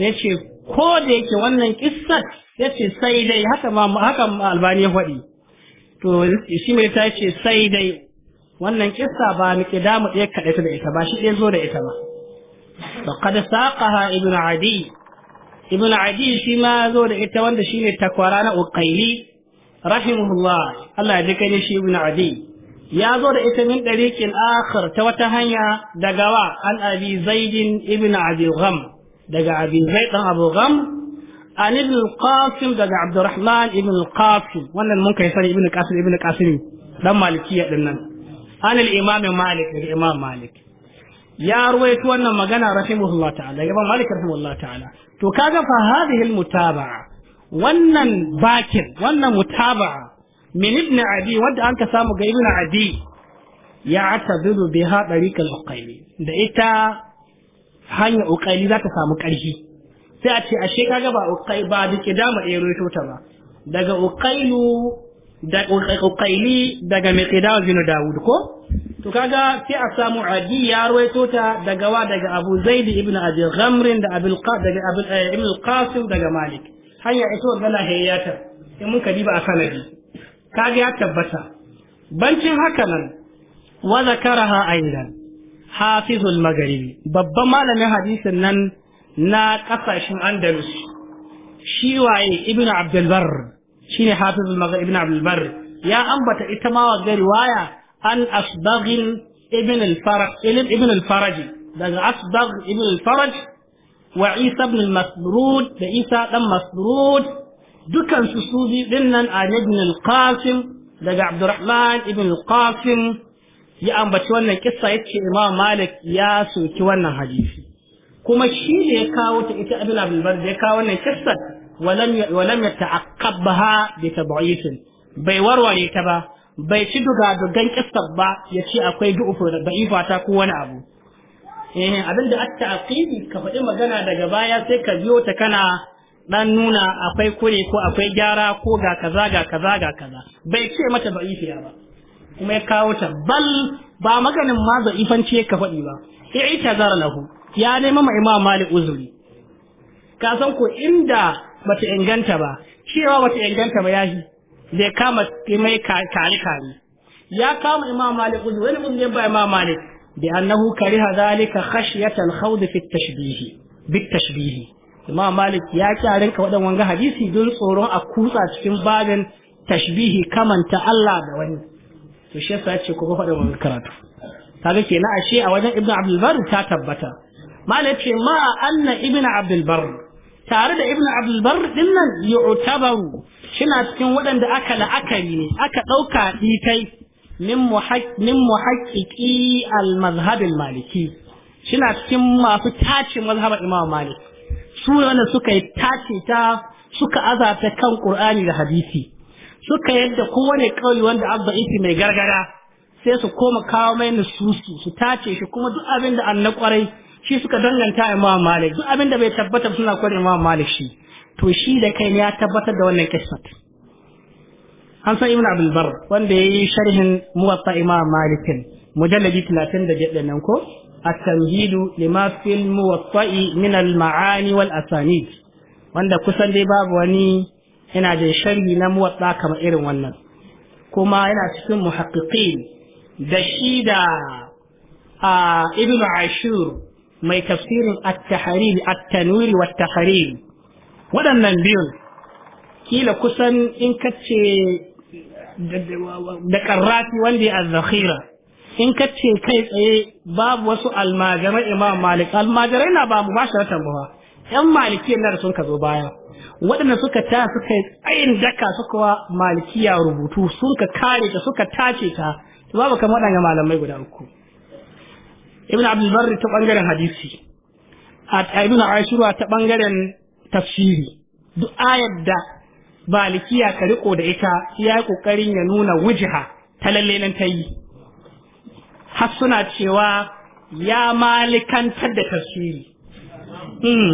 yace ko da yake wannan kissar yace sai dai haka ma haka albani ya faɗi to shi mai ta ce sai dai wannan kissa ba mu kidamu ɗaya kaɗai da ita ba shi ɗaya zo da ita ba to kada saqaha ابن adi ibn adi shi ma zo da ita wanda shi ne takwara na uqaili rahimahullah Allah ya dika ne shi ibn adi ya zo da ita min dariqin akhar ta wata hanya daga wa an abi zaidin ibn abi gham daga abi zaid dan abu gham an ibn qasim daga abdurrahman ibn qasim wannan mun kai sani ibn qasim ibn qasim dan malikiya dinnan an al imam malik daga imam malik ya ruwaito wannan magana rahimahullah ta'ala ya ba malik rahimahullah ta'ala to kaga fa hadhihi almutaba'a wannan bakin wannan mutaba'a min ibn abi wanda an ka samu ga ibn abi ya atabidu biha tariq al-uqayli da ita hanya uqayli za ta samu karfi sai a ce ashe kaga ba uqay ba da kidama ya ta ba daga uqaylu da qaili daga miqdad zinu Dawud ko to kaga sai a samu adi ya rawaito ta daga wa daga abu ibn abi ghamrin da abul qad daga abul eh, ibn qasim daga malik hanya ito gana hayyata in muka diba a sanadi kaga ya tabbata bancin haka nan wa zakaraha aidan hafizul magharibi babban malamin hadisin nan na kasashen andalus shi waye ibn abdul barr shine hafiz al-maghrib ibn abdul bar ya ambata ita ma wa riwaya an asbaghin ibn al-faraj ibn al-faraj daga asbagh ibn al-faraj wa isa ibn al-masrud da isa dan masrud dukan su su bi dinnan an ibn al-qasim daga abdurrahman ibn al-qasim ya ambaci wannan kissa yace imam malik ya soki wannan hadisi kuma shi ne ya kawo ta ita Ibn abin da ya kawo wannan kissar walam ya ta'aqqabha bi tad'ifin bai warware ta ba bai ci duga dugan kissar ba ya ce akwai du'ufu da da'ifa ta ko wani abu eh abinda at-ta'qibi ka faɗi magana daga baya sai ka biyo ta kana dan nuna akwai kure ko akwai gyara ko ga kaza ga kaza ga kaza bai ce mata da'ifiya ba kuma ya kawo ta bal ba maganin ma za'ifanci ka faɗi ba i'tazara lahu ya nema ma imam malik uzuri ka san ko inda bata inganta ba cewa bata inganta ba yahi zai kama mai kare kare ya kama imam malik wani uzuri ba imam malik bi annahu kariha zalika khashyatan khawd fi tashbihi bi tashbihi. imam malik ya a rinka wadan wanga hadisi don tsoron a kutsa cikin babin tashbihi kamanta Allah da wani to shi yasa ce kuma faɗa wani karatu kaga kenan ashe a wajen ibnu abdul bar ta tabbata Malik ce ma anna ibnu abdul bar tare da ibn abdulbar din nan yu'tabaru shina cikin waɗanda aka la'akari ne aka ɗauka ɗikai min muhaƙiƙi al-mazhabin maliki shina cikin masu tace mazhabar imam malik su wanda suka yi tace ta suka azata kan qur'ani da hadisi suka yadda kowane kauli wanda abba isi mai gargara sai su koma kawo mai nususu su tace shi kuma duk abin da an kwarai shi suka danganta a imam malik duk abin da bai tabbata suna kwari imam malik shi to shi da kai ne ya tabbatar da wannan kismat an san ibn abul bar wanda yi sharhin muwatta imam malikin mujalladi 31 nan ko التمهيد لما min al-ma'ani wal asanid wanda kusan dai babu wani yana da sharhi na muwatta kamar irin wannan kuma yana cikin muhaqqiqin da shi da ashur mai tafsirin at-tahrir at-tanwir wa at-tahrir waɗannan biyun kila kusan in kace da karrafi wanda ya zakhira in kace kai tsaye babu wasu almajirai imam malik almajirai na ba mu ba sharatan ba yan maliki na sun ka zo baya waɗanda suka ta suka yi tsayin daka suka wa malikiya rubutu sun ka kare ta suka tace ta babu kamar waɗanda malamai guda uku ibn abdul ta bangaren hadisi a ibn ashura ta bangaren tafsiri duk ayar da balikiya ka riko da ita ya yi kokarin ya nuna wujiha, ta lalle nan ta yi har suna cewa ya malikantar da tafsiri hmm.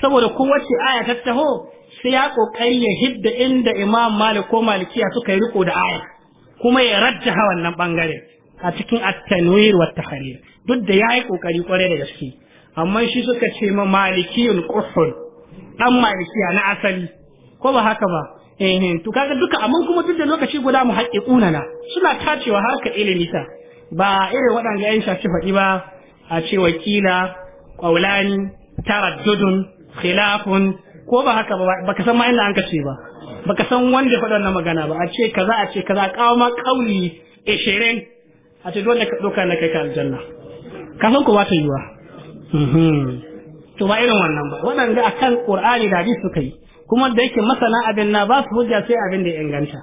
saboda kowace aya ta taho sai ya kokari ya hidda inda imam malik ko malikiya suka yi riko da aya kuma ya rajjaha wannan bangare a cikin at-tanwir wa duk da yayi kokari kware da gaske amma shi suka ce ma malikiyul quhul dan malikiya na asali ko ba haka ba eh to duka amma kuma duk da lokaci guda mu haƙiƙuna na suna tacewa harka ilimi ta ba irin waɗanda ya shafi faɗi ba a ce wakila ƙaulani taraddudun khilafun ko ba haka ba baka san ma inda an kace ba baka san wanda faɗa wannan magana ba a ce kaza a ce kaza kawo ma ƙauli 20 a ce dole ka ɗauka na kai ka aljanna ka san ko ba yiwa mhm. to ba irin wannan ba waɗanda a akan qur'ani da hadisi suka yi kuma da yake masana abin na ba su hujja sai abin da ya inganta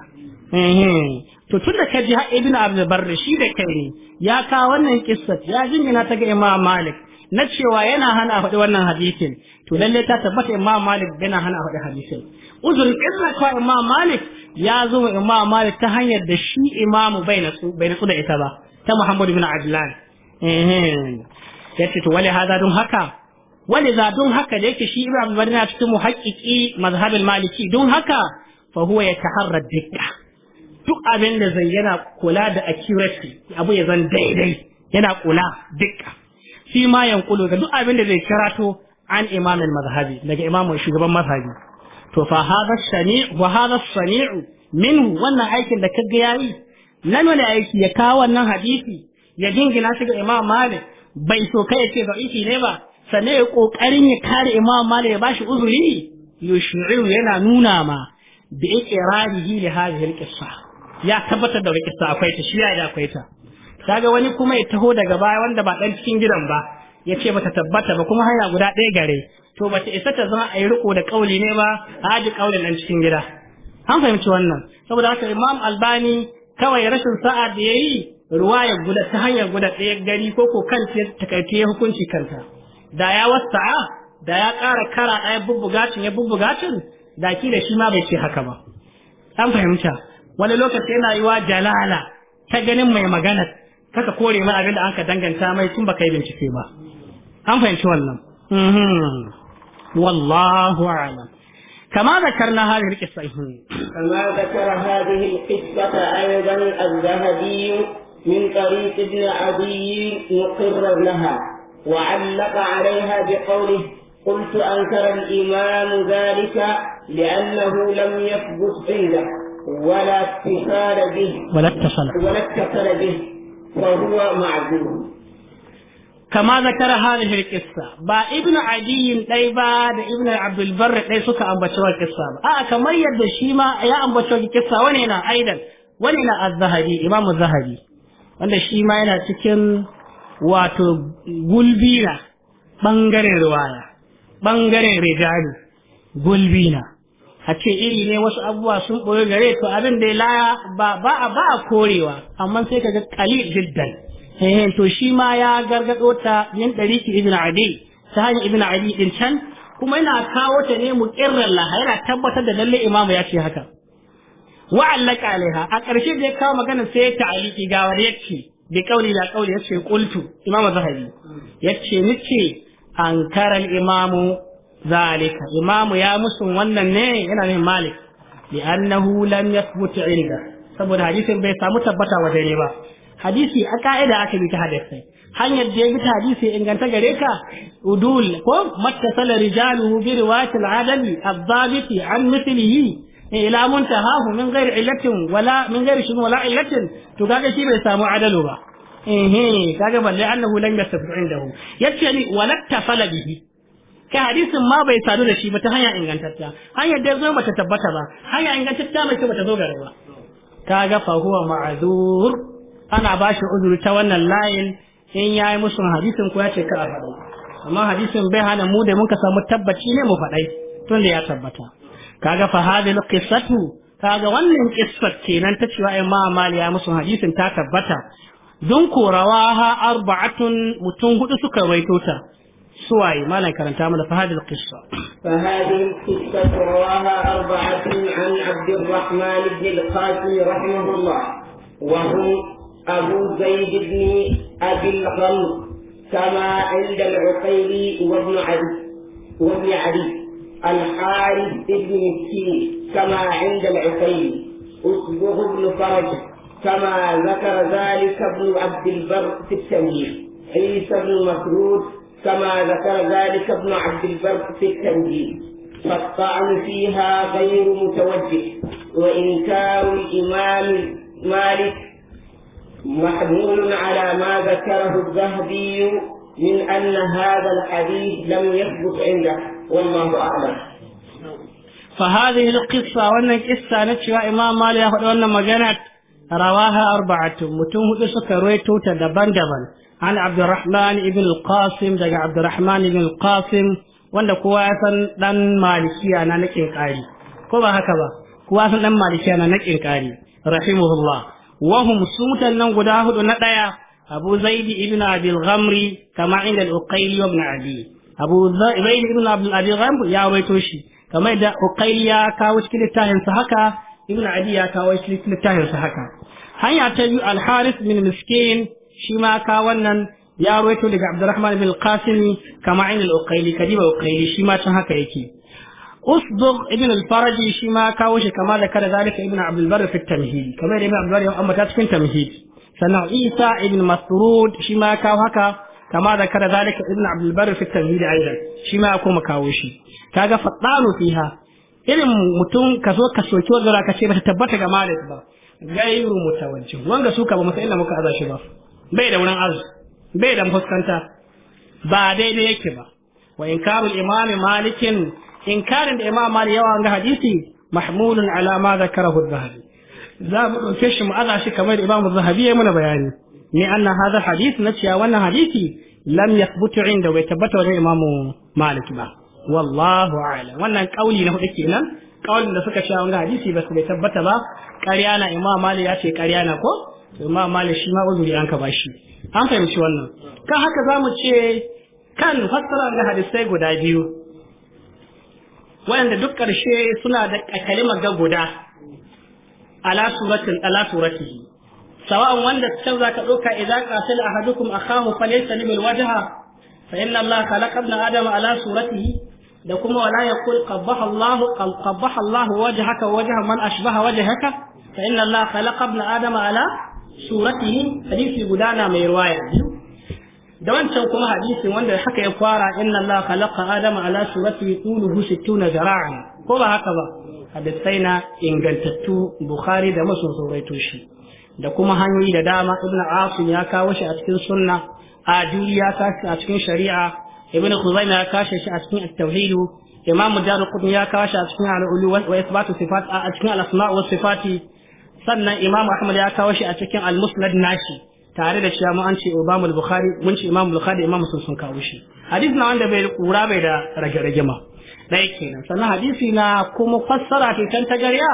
mhm. to tun da ka ji ibn abdul barri shi da kai ne ya kawo wannan kissa ya jingina ta ga imam malik na cewa yana hana a faɗi wannan hadisin to lallai ta tabbata imam malik yana hana a faɗi hadisin uzun kissa ko imam malik ya zo wa malik ta hanyar da shi imamu bai natsu bai da ita ba ta Muhammadu bin Abdullahi. ya ce to wale haza don haka wale za don haka da yake shi ibrahim abdulbari na cikin muhaƙiƙi mazhabin maliki don haka fa huwa ya taharra dukka duk abin da zai yana kula da accuracy abu ya zan daidai yana kula dukka shi ma yankulu da duk abin da zai karato an imamin mazhabi daga imamin shugaban mazhabi to fa hada sami'u wa hada minhu wannan aikin da kaga yayi nan wani aiki ya kawo wannan hadisi ya dingina shi ga Imam Malik bai so kai ce da'ifi ne ba sannan ya kokarin ya kare Imam Malik ya bashi uzuri yushiru yana nuna ma bi iqrarihi li hadhihi alqissa ya tabbatar da qissa akwai ta shi ya akwai ta kaga wani kuma ya taho daga baya wanda ba dan cikin gidan ba yace ce bata tabbata ba kuma haya guda ɗaya gare to ba ta isa ta zama a yi riko da kauli ne ba a aji kaulin nan cikin gida an fahimci wannan saboda haka imam albani kawai rashin sa'a da ya yi ruwaya guda ta hanyar guda ɗaya gari ko ko kan takaice ya hukunci kanta da ya wasa'a da ya ƙara kara ɗaya bubbugacin ya bubbugacin da ki da shi ma bai ce haka ba an fahimta wani lokaci yana yi wa jalala ta ganin mai magana kaka kore ma abin da an ka danganta mai tun ba kai bincike ba an fahimci wannan mhm. والله أعلم كما ذكرنا هذه القصة كما ذكر هذه القصة أيضا الذهبي من طريق ابن عدي مقرا لها وعلق عليها بقوله قلت أنكر الإمام ذلك لأنه لم يثبت عنده ولا اتصل به ولا اتصل ولا اتصل به فهو معذور kama zakara hadhihi alqissa ba ibn adiyin ɗai ba da ibn abdul ɗai dai suka ambaci wa ba a'a kamar yadda shi ma ya ambaci wa qissa wani na aidan wani na az-zahabi imam az-zahabi wanda shi ma yana cikin wato gulbina bangaren riwaya bangaren gulbina a ce iri ne wasu abubuwa sun ɓoye gare to abin da ya laya ba a ba a korewa amma sai ga kalil jiddan eh to shi ma ya gargado ta yin dariki ibn adi ta hanyar ibn adi din can kuma yana kawo ta ne muqirran laha yana tabbatar da lalle imamu ya ce haka wa allaka alaiha a ƙarshe da ya kawo magana sai ya ta'aliki ga wanda yake bi kauli da kauli yace qultu imamu zahabi yace nice ankara al-imamu zalika imamu ya musu wannan ne yana ne malik li annahu lam yathbut inda saboda hadisin bai samu tabbata wa dai ba hadisi a ka'ida aka bi ta hadisi hanyar da ya bi ta hadisi inganta gare ka udul ko mattasala rijaluhu bi riwayatil adali adh-dhabiti an mithlihi eh, ila muntahahu min ghairi illatin wala min ghairi shun wala illatin to kaga shi bai samu adalu ba eh kaga balle annahu lam yastafi indahu yace ni wala tafala bihi kai hadisin ma bai sadu da shi ba ta hanya ingantatta hanyar da ya zo bata tabbata ba hanya ingantatta mai ce bata zo gare ba kaga fa huwa ma'zur ana ba shi uzuri ta wannan layin in ya yi musu hadisin ko ya ce kar a faɗi amma hadisin bai hana mu da muka samu tabbaci ne mu faɗai tun da ya tabbata kaga fa hadhihi qissatu kaga wannan qissar kenan ta cewa ma mali ya musu hadisin ta tabbata ko rawaha arba'atun mutum hudu suka rawaito ta سواي ما لا كرنت عمل فهذه القصة فهذه القصة رواها أربعة عن عبد الرحمن al-qasi rahimahullah wa وهم أبو زيد بن أبي الغم كما عند العقيلي وابن علي وابن علي الحارث بن مسكين كما عند العقيلي أصبغ بن فرج كما ذكر ذلك ابن عبد البر في التنجيل عيسى بن مسعود كما ذكر ذلك ابن عبد البر في التنجيل فالطعن فيها غير متوجه وإنكار الإمام مالك محمول على ما ذكره الذهبي من أن هذا الحديث لم يثبت عنده والله أعلم فهذه القصة وأن القصة نتشوى إمام مالي أخذ وأن مجنت رواها أربعة متوم قصة رويتو تدبان دبان عن عبد الرحمن بن القاسم دقى عبد الرحمن بن القاسم وأن kowa لن مالكي أنا malikiya na كما هكذا ko لن مالكي أنا kowa san رحمه الله wahum sutan nan guda hudu na ɗaya abu zaidi ibn abil ghamri kama inda al-uqayli ibn abi abu ibn abdul abi ghamri ya waito shi kamar da uqayli ya kawo cikin littafin sa haka ibn abi ya kawo cikin littafin haka hanya ta biyu al-haris bin miskin shi ma ka wannan ya waito daga abdurrahman bin qasim kama inda al kadiba haka yake usbug ibn al-faraji shi ma kawo shi kama da kada zalika ibn abdul bar fi tamhid kamar ibn abdul amma ta cikin tamhid sannan isa ibn masrud shi ma kawo haka kama da kada zalika ibn abdul bar fi tamhid aidan shi ma kuma kawo shi fiha irin mutum ka zo ka soki wanda ce bata tabbata ga malik ba gairu mutawajjih wanga suka ba masa inda muka aza shi ba bai da wurin arzu bai da fuskanta ba daidai yake ba wa inkarul imami malikin inkarin da imam malik yawa ga hadisi mahmulun ala ma zakarahu zahabi za mu dauke shi mu aza shi kamar imam zahabi ya mana bayani ni anna hadha hadith na cewa wannan hadisi lam yathbutu inda bai tabbata wajen imam malik ba wallahu a'lam wannan kauli na hudu kenan kaulin da suka cewa wannan hadisi ba su bai tabbata ba ƙarya na imam malik ya ce ƙarya na ko imam malik shi ma uzuri an ka bashi an fahimci wannan kan haka za mu ce kan fassara da hadisai guda biyu wayanda duk ƙarshe suna da kalima ga guda ala suratin ala sawa'an wanda can zaka ɗauka idza qatala ahadukum akahu falaysa bil wajha fa inna allaha khalaqa ibn ala suratihi da kuma wala yaqul qabbaha allah qabbaha allah wajhaka wajha man ashbaha wajhaka fa inna allaha khalaqa ibn adama ala suratihi hadisi gudana mai riwaya biyu da wancan kuma hadisin wanda haka ya fara inna Allah khalaqa adama ala surati tuluhu 60 zara'an ko ba haka ba hadisai na ingantattu bukhari da masu sauraito shi da kuma hanyoyi da dama ibnu asim ya kawo shi a cikin sunna ajuri ya kawo a cikin shari'a ibnu khuzaimah ya kawo shi a cikin at-tauhid imam darqutni ya kawo shi a cikin al-ulu wa ithbatu sifat a cikin al-asma' was sifati sannan imam ahmad ya kawo shi a cikin al-musnad nashi tare da cewa an ce Imam bukhari mun ce Imam bukhari Imam Muslim sun kawo shi hadisi na wanda bai kura bai da rage-rage ma dai kenan sannan hadisi na kuma fassara ta tan tagarya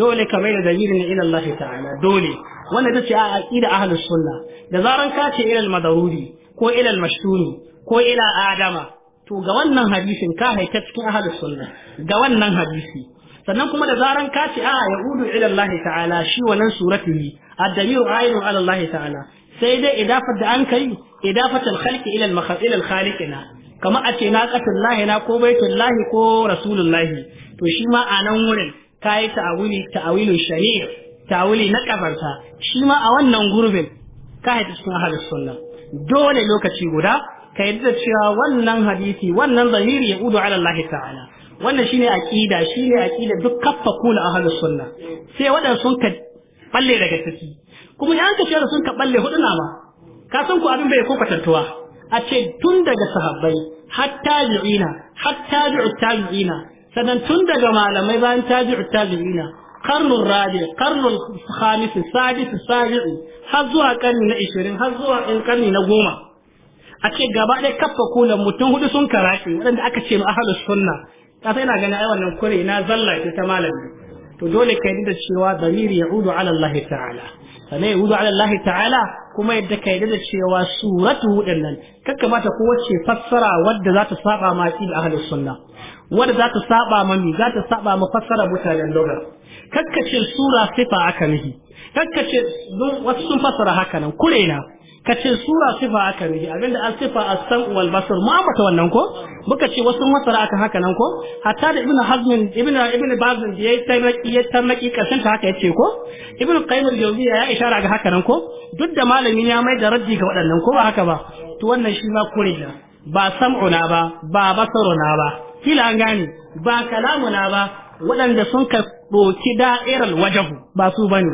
dole ka mai da dalilin ila Allah ta'ala dole wanda tace a aqida ahlus sunna da zaran ka ce ila madaruri ko ila al-mashtuni ko ila adama to ga wannan hadisin ka haita cikin ahlus sunna ga wannan hadisi sannan kuma da zaran ka ce a yaudu ila Allah ta'ala shi wannan suratu ne a عين على الله ta'ala. sai dai idafar da an kai idafatul khalqi ila al-makhluq khaliqina kama a ce na qatullahi na ko baitullahi ko rasulullahi to shi ma a nan wurin kai ta'awili ta'awilun shari'a ta'awili na kafarta shi ma a wannan gurbin ka haɗu cikin ahlus sunna dole lokaci guda ka yadda cewa wannan hadisi wannan zahiri ya udu ala Allah ta'ala wannan shine aƙida shine aƙida duk kaffa kula ahlus sunna sai waɗansu ka balle daga ciki kuma ya ka shara sun ka balle hudu na ba ka san ku abin bai ko kwatantuwa a ce tun daga sahabbai hatta tabi'ina hatta tabi'u tabi'ina sanan tun daga malamai bayan tabi'u tabi'ina karnun rabi karnun khamis sadis sabi'i har zuwa karni na 20 har zuwa karni na goma a ce gaba ɗaya kafa kulan mutum hudu sun karace waɗanda aka ce ahalus sunna ka sai ina gani ai wannan kure na zalla ta malami to dole ka da cewa zamiri ya udu ala Allah ta'ala sannan ya wuzu ala Allah ta'ala kuma yadda ka yadda da cewa suratu din nan kakkamata ko wacce fassara wadda za ta saba ma aqil ahlus sunna wadda za ta saba ma mi za ta saba ma fassara mutanen lugha kakkace sura sifa aka nufi, kakkace wasu sun fassara haka nan kurena ka ce sura sifa aka nufi abinda al sifa as-sam wal basar mu ta wannan ko muka ce wasu masara aka haka nan ko hatta da ibnu hazm ibnu ibnu da yayi tarraki ya tarraki kasan ta haka yace ko ibnu qayyim al-jawziyya ya ishara ga haka nan ko duk da malamin ya mai da raddi ga waɗannan ko ba haka ba to wannan shi ma kurilla ba sam'una ba ba basaruna ba kila an gane ba kalamuna ba waɗanda sun ka ɗoki da'irar wajahu ba su bane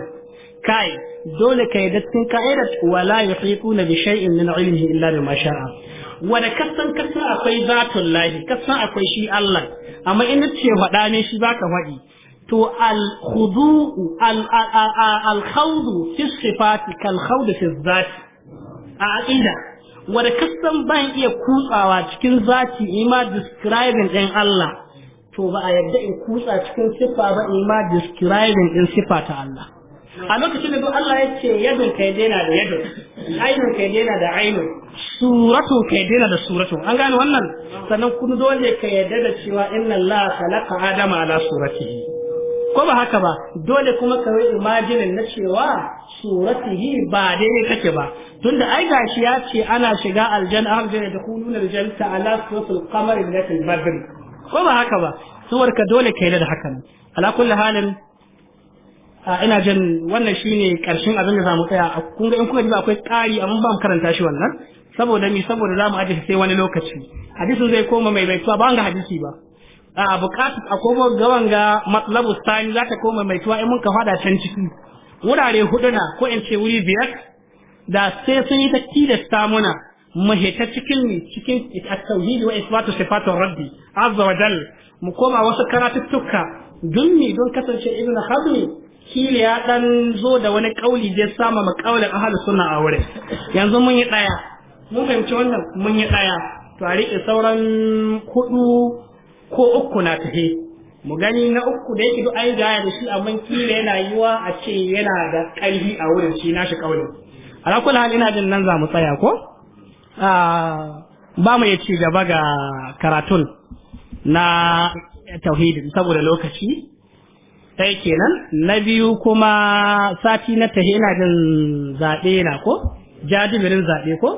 kai dole ka yadda cikin ka'idat wala kuna bi shay'in min ilmihi illa da sha'a wanda kasan kasan akwai zatun lahi kasan akwai shi Allah amma in ce faɗa ne shi zaka faɗi to al-khudu'u al-khawdu fi sifati kal-khawdu fi zati a aqida wanda kasan ban iya kutsawa cikin zati ima describing ɗin Allah to ba a yadda in kutsa cikin siffa ba ima describing ɗin siffa ta Allah a lokacin da Allah ya ce yadun kai daina da yadun ainun kai daina da ainun suratu kai daina da suratu an gane wannan sannan kun dole ka yarda da cewa inna Allah khalaqa adama ala suratihi ko ba haka ba dole kuma ka yi imajinin na cewa suratihi ba daidai kake ba tunda ai gashi ya ce ana shiga aljanna aljanna da kuluna aljanna ala suratul qamar min al ko ba haka ba suwar ka dole ka yarda da hakan ala kulli halin Ah, ina jan wannan shi ne ƙarshen abin da za mu tsaya kun ga in kuka ji akwai ƙari amma ba mu karanta shi wannan saboda mi saboda za mu ajiye sai wani lokaci hadisin zai koma mai baituwa ba ga hadisi ba ah, a bukatu a koma ga wanga sani za ta koma mai tuwa in mun ka fada can ciki wurare hudu na ko in ce wuri biyar da sai sun yi ta tilasta muna mahita cikin ne cikin at-tauhid wa isbatu sifatu rabbi azza wa mu koma wasu karatuttuka dummi don kasance ibnu hazmi kila ya dan zo da wani kauli zai sama ma kaulin ahlus sunna a wurin yanzu mun yi daya mun fahimci wannan mun yi daya to a rike sauran kudu ko uku na tafi mu gani na uku da yake duk ayi gaya da shi amma kila yana yiwa a ce yana da karfi a wurin shi nashi kauli ala kullu hal ina jin nan za mu tsaya ko ah, ba mu ya ci gaba ga karatun na tauhidin saboda lokaci sai kenan na biyu kuma sati na tahe ina jin zaɓe na ko jajibirin zaɓe ko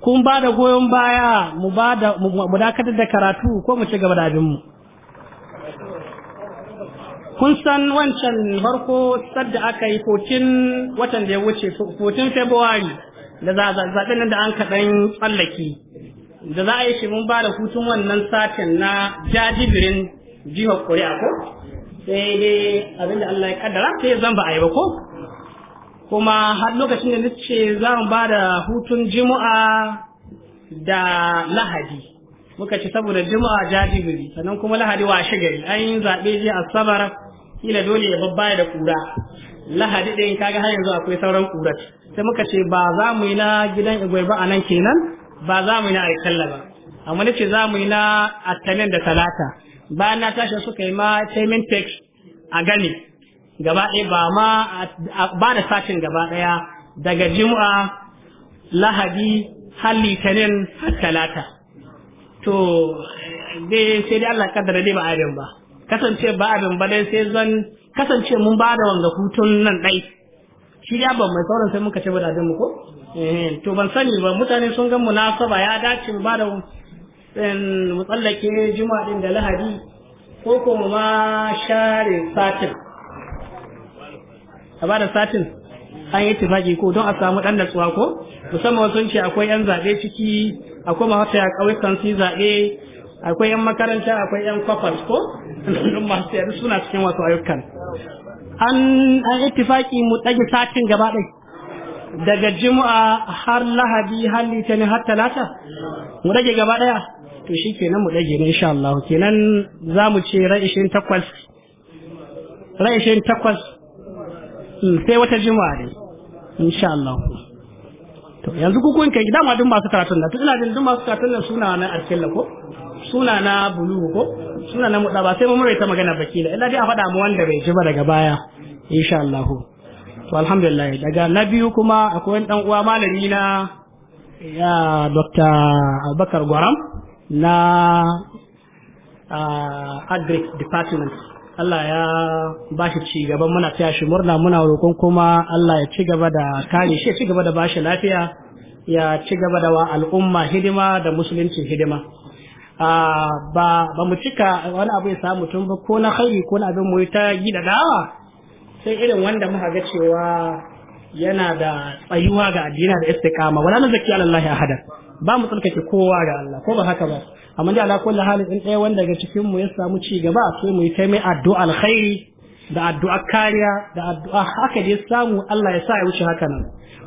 kun ba da goyon baya mu ba da mu dakatar da karatu ko mu ci gaba da abinmu kun san wancan farko sadda aka yi 14 watan da ya wuce 14 february da zaɓe nan da an kaɗan tsallaki da za a yi shi mun ba da hutun wannan satin na jajibirin jihar Korea ko sai dai abinda Allah ya kaddara sai zan ba a yi ba ko kuma har lokacin da nace za mu ba da hutun juma'a da lahadi muka ci saboda juma'a jajibiri sannan kuma lahadi wa shigari an yi zaɓe a asabar kila dole ya babba da kura lahadi ɗin kaga har yanzu akwai sauran kura sai muka ce ba za mu yi na gidan igwai ba a nan kenan ba za mu yi na alkalla ba amma nace za mu yi na attanin da talata bayan na tashi suka yi ma payment tax a gani gaba ɗaya ba ma ba da satin gaba ɗaya daga jimu'a lahadi har litinin har talata to dai sai dai Allah kaddara dai ba abin ba kasance ba abin ba dai sai zan kasance mun ba da wanga hutun nan ɗai shi ya ban mai sauran sai muka ce ba da mu ko eh, to ban sani ba mutane sun ga munasaba ya dace mu ba da mu mutsallake juma'a ɗin da lahadi ko kuma ma share satin a bada satin an yi tufaki ko don a samu ɗan natsuwa ko musamman sun ce akwai yan zaɓe ciki akwai mahaifiya ƙauyukan su zaɓe akwai yan makaranta akwai yan kwafas ko don masu yadda suna cikin wasu ayyukan an tufaki mu ɗage satin gaba ɗaya daga juma'a har lahadi har litinin har talata mu rage gaba daya to shi kenan mu rage ne insha Allah kenan za mu ce ra'ishin 28 ran 28 hmm, sai wata juma'a ne insha Allah to yanzu ku kun kai dama duk masu karatun da to ina jin duk masu karatun da suna na arkella ko suna na bulu ko suna na mutaba sai mu mura ta magana bakila illa dai a faɗa mu wanda bai ji ba daga baya insha Allah to alhamdulillah daga na biyu kuma akwai dan uwa malami na ya dr abubakar gwaram na agric department Allah ya bashi ci gaban muna taya shi murna muna roƙon kuma Allah ya ci gaba da kare shi ci gaba da ba shi lafiya ya ci gaba da wa al'umma hidima da musulunci hidima ba mu cika wani abu ya samu tun ba ko na khairi ko na abin mu ta gida dawa sai irin wanda muka ga cewa yana da tsayuwa ga addini da istiqama wala zaki ala Allah ahada ba mu tsarkake kowa ga Allah ko ba haka ba amma dai ala kullu halin in ɗaya wanda ga cikin mu ya samu ci gaba sai mu yi ta mai addu'a alkhairi da addu'a kariya da addu'a haka dai samu Allah ya sa ya wuce haka nan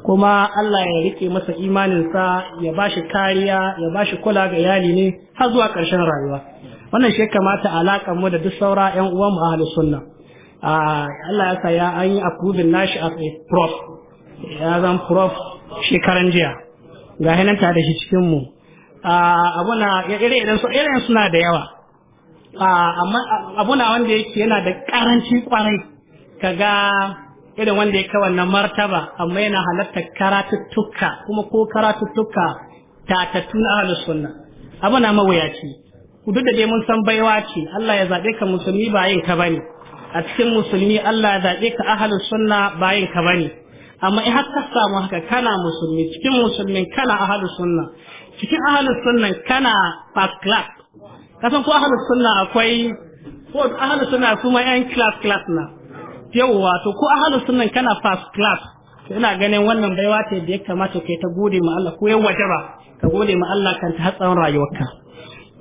kuma Allah ya rike masa imanin sa ya bashi kariya ya bashi kula ga iyali ne har zuwa ƙarshen rayuwa wannan shi kamata alaƙar mu da duk saura 'yan mu ahlus sunna Ah, Allah ya sa ya an yi approving nashi as a prof ya zan prof shekaran jiya ga hinan ta da shi cikin mu ah, abuna irin ire suna da yawa ah, amma abuna wanda yake yana da karanci kwarai kaga irin wanda yake wannan martaba amma yana halatta karatuttuka kuma ko karatuttuka ta na ahlus sunna abuna mawuyaci ku duk da dai mun san baiwa ce Allah ya zabe ka musulmi ba yin ka bane a cikin musulmi Allah ya zaɓe ka ahalin sunna bayan ka bane amma in har ka samu haka kana musulmi cikin musulmi kana ahalin sunna cikin ahalin sunna kana first class kasan ko ahalin sunna akwai ko ahalin sunna kuma yan class class na yawwa to ko ahalin sunna kana first class ina ganin wannan baiwa ce da ya kamata kai ta gode ma Allah ko yawa ba ka gode ma Allah kan ta hatsarin rayuwarka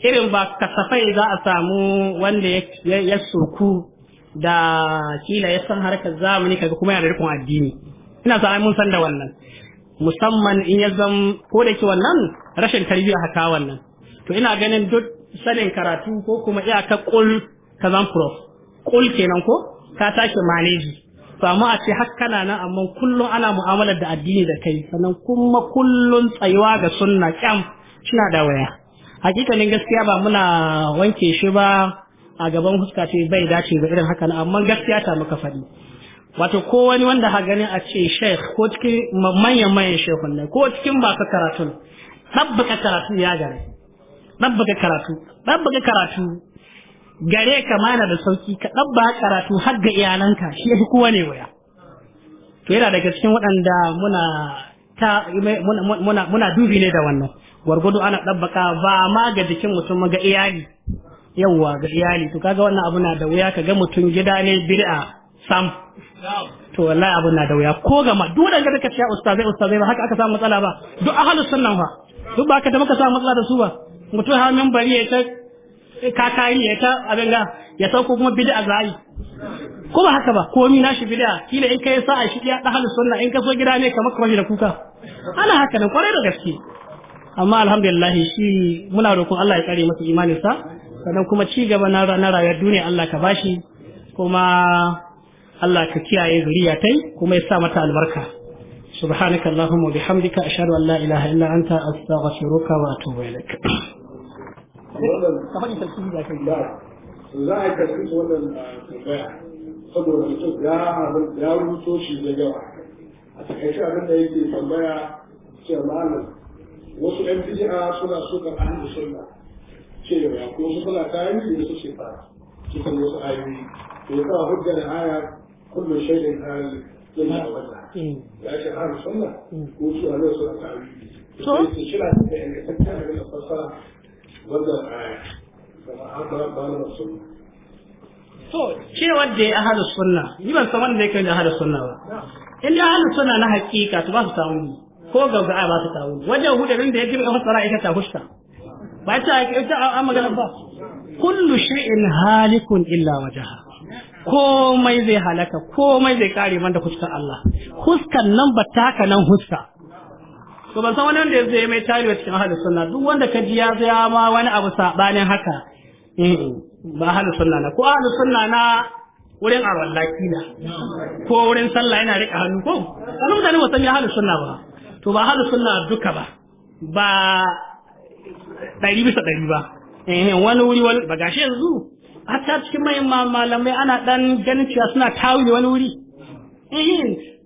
irin ba kasafai za a samu wanda ya surku da kila ya san harkar zamani kaga kuma yana da rikon addini ina sa mun san da wannan musamman in ya zan ko da ke wannan rashin tarbiyya haka wannan to ina ganin duk sanin karatu ko kuma iyaka kul ka zan prof kul kenan ko ka tashi maneji to amma a ce haka na nan amma kullum ana mu'amalar da addini da kai sannan kuma kullum tsayuwa ga sunna kyam suna da waya hakikanin gaskiya ba muna wanke shi ba a gaban huska ce bai dace ba irin haka amma gaskiya ta muka faɗi wato ko wani wanda ha gani a ce sheikh ko cikin manyan manyan shekhun ne ko cikin ka karatu ɗabbaka karatu ya gare ɗabbaka karatu ɗabbaka karatu gare ka mana da sauki ka ɗabba karatu har ga iyalanka shi ya fi kowa ne waya to yana daga cikin waɗanda muna ta muna muna dubi ne da wannan gwargwado ana ɗabbaka ba ma ga jikin mutum ga iyali yawwa ga iyali to kaga wannan abu na da wuya kaga mutum gida ne bid'a sam to wallahi abu na da wuya ko ga ma duk da kake cewa ustazai ustazai ba haka aka samu matsala ba duk ahlus sunnah fa duk ba ka da muka samu matsala da su ba mutum ha min bari ya ta kakari ya ta abin ga ya sauko kuma bid'a zai ko ba haka ba komi shi bid'a kila in kai sa'a shi ya ahlus sunnah in ka so gida ne kamar kamar da kuka ana haka ne kwarai da gaske amma alhamdulillah shi muna roƙon Allah ya kare masa imaninsa sannan kuma ci gaba na rayuwar duniya Allah ka bashi kuma Allah ka kiyaye zuriya tai kuma ya sa mata albarka سبحانك اللهم وبحمدك أشهد أن لا إله إلا أنت أستغفرك وأتوب إليك za a karfi wannan ah, tambaya saboda ya rubuto shi yawa a tambaya malam wasu yan suna cewa ko su suna kayan da su shekara cikin wasu ayoyi to ya sa hujjar aya kullu shay'in hal yana da wata mm. ya shi har sunna mm. ko su a yau suna kayan to su shira da ingantaccen da fassara wajen aya kama haka ba na sunna to cewar da ya ahalus sunna ni ban san wanda yake da ahalus sunna ba in da ahalus sunna na hakika to ba su samu ko ga ba su samu wajen hudarin da ya jirga fassara ita ta hushta ba ta ita an ba kullu shay'in halikun illa wajaha komai zai halaka komai zai kare man da fuskar Allah fuskar nan ba ta haka nan fuska to ban san wani wanda zai mai tarihi cikin ahlus sunna duk wanda ka ji ya zai ma wani abu sabanin haka eh, ba ahlus sunna na ko ahlus sunna na wurin arwallaki na ko wurin sallah yana rika hannu ko ba mutane ba san ya ahlus sunna ba to ba ahlus sunna duka ba ba ɗari bisa ɗari ba Ehe wani wuri wani ba gashi yanzu hatta cikin mai malamai ana ɗan ganin cewa suna tawili wani wuri Ehe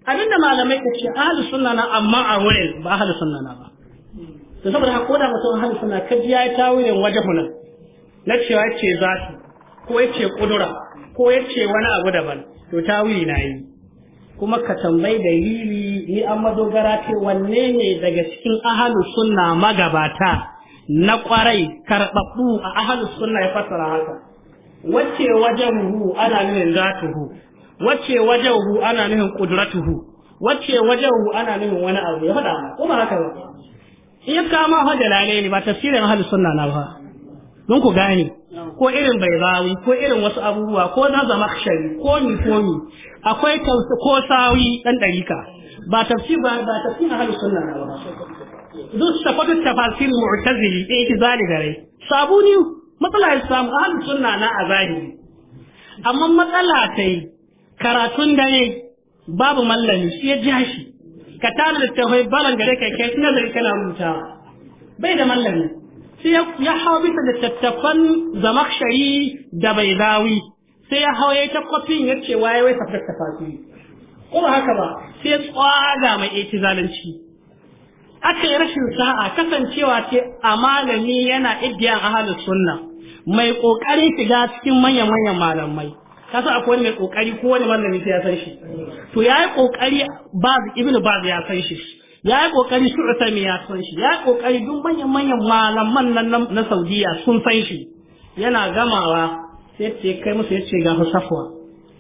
abin da malamai ka ce ahli sunna na amma a wurin ba ahli sunna na ba to saboda haka ko da mutum ahli sunna kaji yayi waje wajhunan na cewa za su, ko ya ce ƙudura, ko ya ce wani abu daban to tawili na yi kuma ka tambayi dalili ni an madogara ce wanne ne daga cikin ahalu sunna magabata na kwarai karɓaɓɓu a ahalus sunna ya fassara haka wacce wajen hu ana nuhin zatuhu wacce wajen hu ana nuhin kudratuhu wacce wajen hu ana nuhin wani abu ya faɗa ko ba haka ba in kama hajja lalai ne ba tafsirin ahalus sunna na ba don ku gane ko irin baizawi ko irin wasu abubuwa ko na zama shari ko ni ko ni akwai ko sawi dan ɗarika ba tafsir ba tafsirin ahalus sunna na ba duk safatu tafasir mu'tazili da yake zali gare sabuni matsala ya samu ahlus sunna na a zahiri amma matsala ta yi karatun dare babu mallami shi ya ja shi ka tana da tafai balan gare kai kai nazarin kana rubutawa bai da mallami sai ya hawa bisa da tattafan zamakshari da bai dawi sai ya hawa ya ta kwafin ya ce waye wai safar tafasiri ko ba haka ba sai ya tsaga mai eti zalunci aka yi rashin sa'a kasancewa ce a malami yana a ahalus sunna mai kokarin shiga cikin manyan manyan malamai kasa akwai wani mai kokari ko wani malami sai ya san shi to ya yi kokari baz Ibn baz ya san shi Ya yayi kokari shu'tami ya san shi Ya yi kokari duk manyan manyan malaman nan na Saudiya sun san shi yana gamawa sai ce kai musu yace ga safwa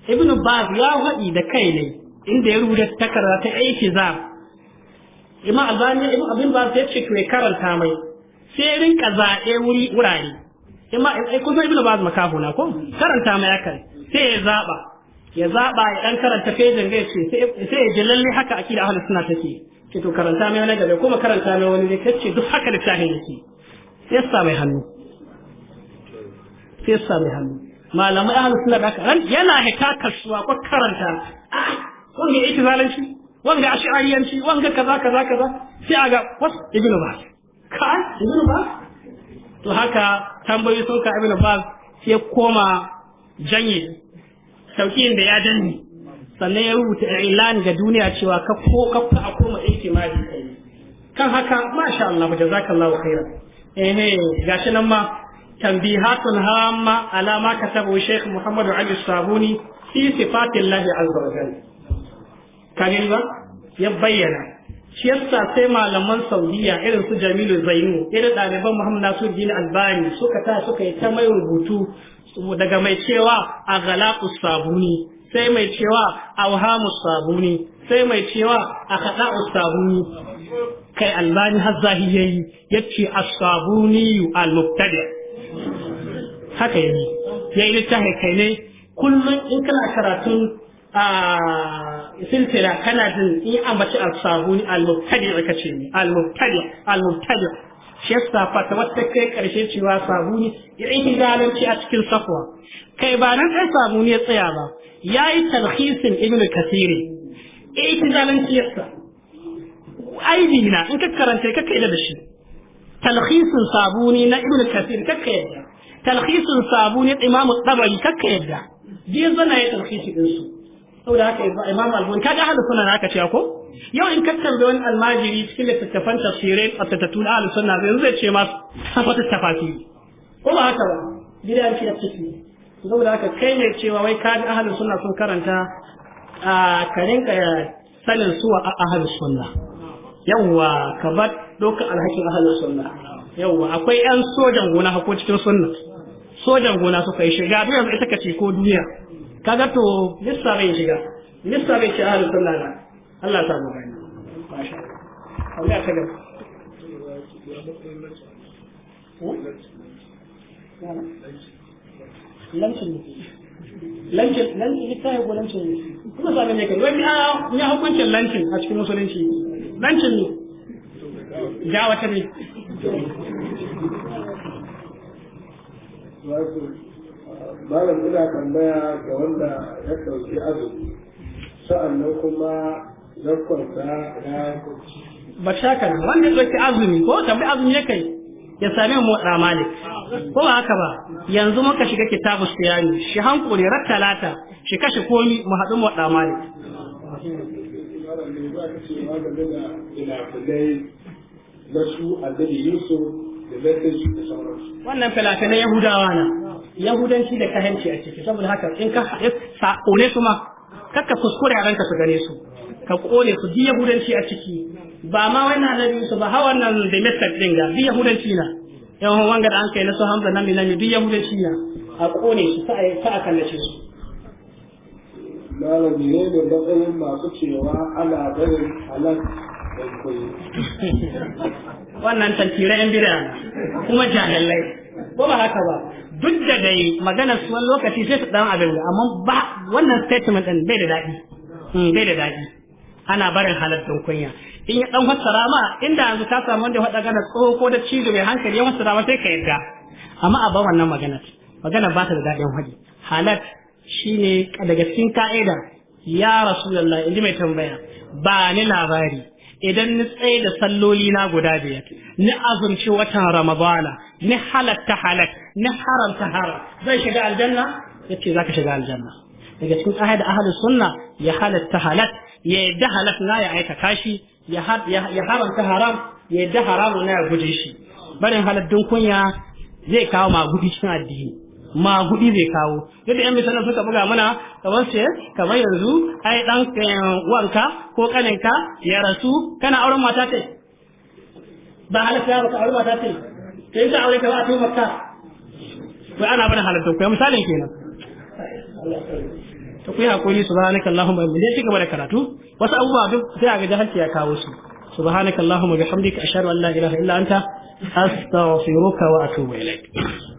ibnu baz ya haɗi da kai ne inda ya rubuta takarda ta aiki za ima albani ima abin ba sai ce kai karanta mai sai rinka zaɓe wuri wurare ai kun san ibnu baz na ko karanta mai aka sai ya zaba, ya zaba ya dan karanta fejin gai ce sai ya ji haka akida ahlus sunna take ce to karanta mai wani gaba kuma karanta mai wani ne kace duk haka da tahin yake sai sa mai hannu sai sa mai hannu malamai ahlus sunna da haka yana hita kasuwa ko karanta ah, ko me yake zalunci wanga ash'ariyanci wanga kaza kaza kaza sai a ga was ibnu baz kai ibnu baz to haka tambayi sun ka ibnu baz sai koma janye sauƙin da ya danne sannan ya rubuta ilan ga duniya cewa ka ko ka a koma aiki ma kai kan haka masha Allah jazakallahu khairan eh eh gashi nan ma tambihatun hamma ala ma katabu Sheikh Muhammadu Ali Sabuni fi sifatillahi azza wa jalla ka ba ya bayyana shi yasa sai malaman saudiya irin su jamilu zainu irin ɗaliban muhammad nasu albani suka ta suka yi ta mai rubutu daga mai cewa a galaku sabuni sai mai cewa a wahamu sabuni sai mai cewa a kaɗa sabuni kai albani har zahiyayi ya ce a sabuni al-mubtada haka yi ya yi littafin kai ne kullum in kana karatun silsila kana jin in ambaci al-sahuni al-mubtadi ka ce ni al-mubtadi al-mubtadi shi ta fata wata kai karshe cewa sabuni ya yi zalunci a cikin safwa kai ba nan sai sabuni ya tsaya ba Ya yayi talhisin ibn kasiri i'tizalanci yasa aibi na in ka karanta ka kai da shi talhisin sabuni na ibn kasir ka kai da. talhisin sabuni imam tabari ka kai da. dai zana ya talhisi din su saboda haka imam al-bukhari kaga ahlus sunna naka ko yau in ka tambaye wani almajiri cikin littattafan tafsirai a ahlus sunna yanzu zai ce masu safatu tafasiri ko ba haka ba bidan shi ciki. fiqh saboda haka kai ne cewa wai ka ji ahlus sunna sun karanta a ka sanin suwa a ahlus sunna yawwa ka bar dokar alhakin ahlus sunna yawwa akwai yan sojan gona ko cikin sunna sojan gona suka yi shiga duk yanzu ita kace ko duniya kaga to lissa bai shiga lissa bai ce ahlus sunna na Allah ya samu Allah ta gaba lancin lancin lancin a ya hukuncin lancin a cikin musulunci lancin ne ga wata ne malam ina tambaya ga wanda ya ɗauki azumi sa'annan kuma ya kwanta ya shakar wanda ya ɗauki azumi ko tambayi azumi ya kai ya sami mu da malik ko ba haka ba yanzu muka shiga kitabu siyani shi hankuri rattalata shi kashe komi mu haɗu mu da malik a wannan filafinai yahudawa na yahudanci da kahanci a ciki saboda haka in ka kone su ma kakka kuskure ranka su gane su ka kone su bi yahudanci a ciki ba ma wannan annabi su ba hawa nan da mesta din ga bi yahudanci na yawan wanga da an kai na su hamza na minami bi yahudanci na a kone su sa a kallace su malami ne da matsayin masu cewa ana barin halal wannan tantirai yan bida kuma jahilai ko haka ba duk da dai magana su wani lokaci sai su dan abin amma ba wannan statement din bai da daɗi hmm, bai da dadi ana barin halattun kunya in ya dan fassara ma inda yanzu ka samu wanda ya faɗa gana tsoho ko da cizo mai hankali ya wasu rama sai ka yadda, amma a ba wannan maganar maganar ba ta da daɗin haɗi halat shine daga cikin ka'ida ya rasulullahi inji mai tambaya ba ni labari idan ni tsaye da salloli na guda biyar ni azumci watan ramadana ni halatta halak ni haramta haram zai shiga aljanna Ya ce za ka shiga aljanna daga cikin ahad ahli sunna ya halatta halak ya yadda halak na ya aika kashi ya haramta haram ya yadda haramu na ya guje shi barin haladdun kunya zai kawo ma magudi cikin addini gudi zai kawo yadda yan misalan suka buga mana kamar ce kamar yanzu ai dan eh, wanka ko kaninka ya rasu kana auren mata ce ba halitta ya baka auren mata ta yi ta aure ka ba a tuba ka Ko ana bada ko ku misalin kenan to ku su hakuri subhanaka allahumma mu je cigaba da karatu wasu abubuwa duk sai a ga jahilci ya kawo su subhanaka allahumma bihamdika ashhadu an la ilaha illa anta astaghfiruka wa atubu ilaik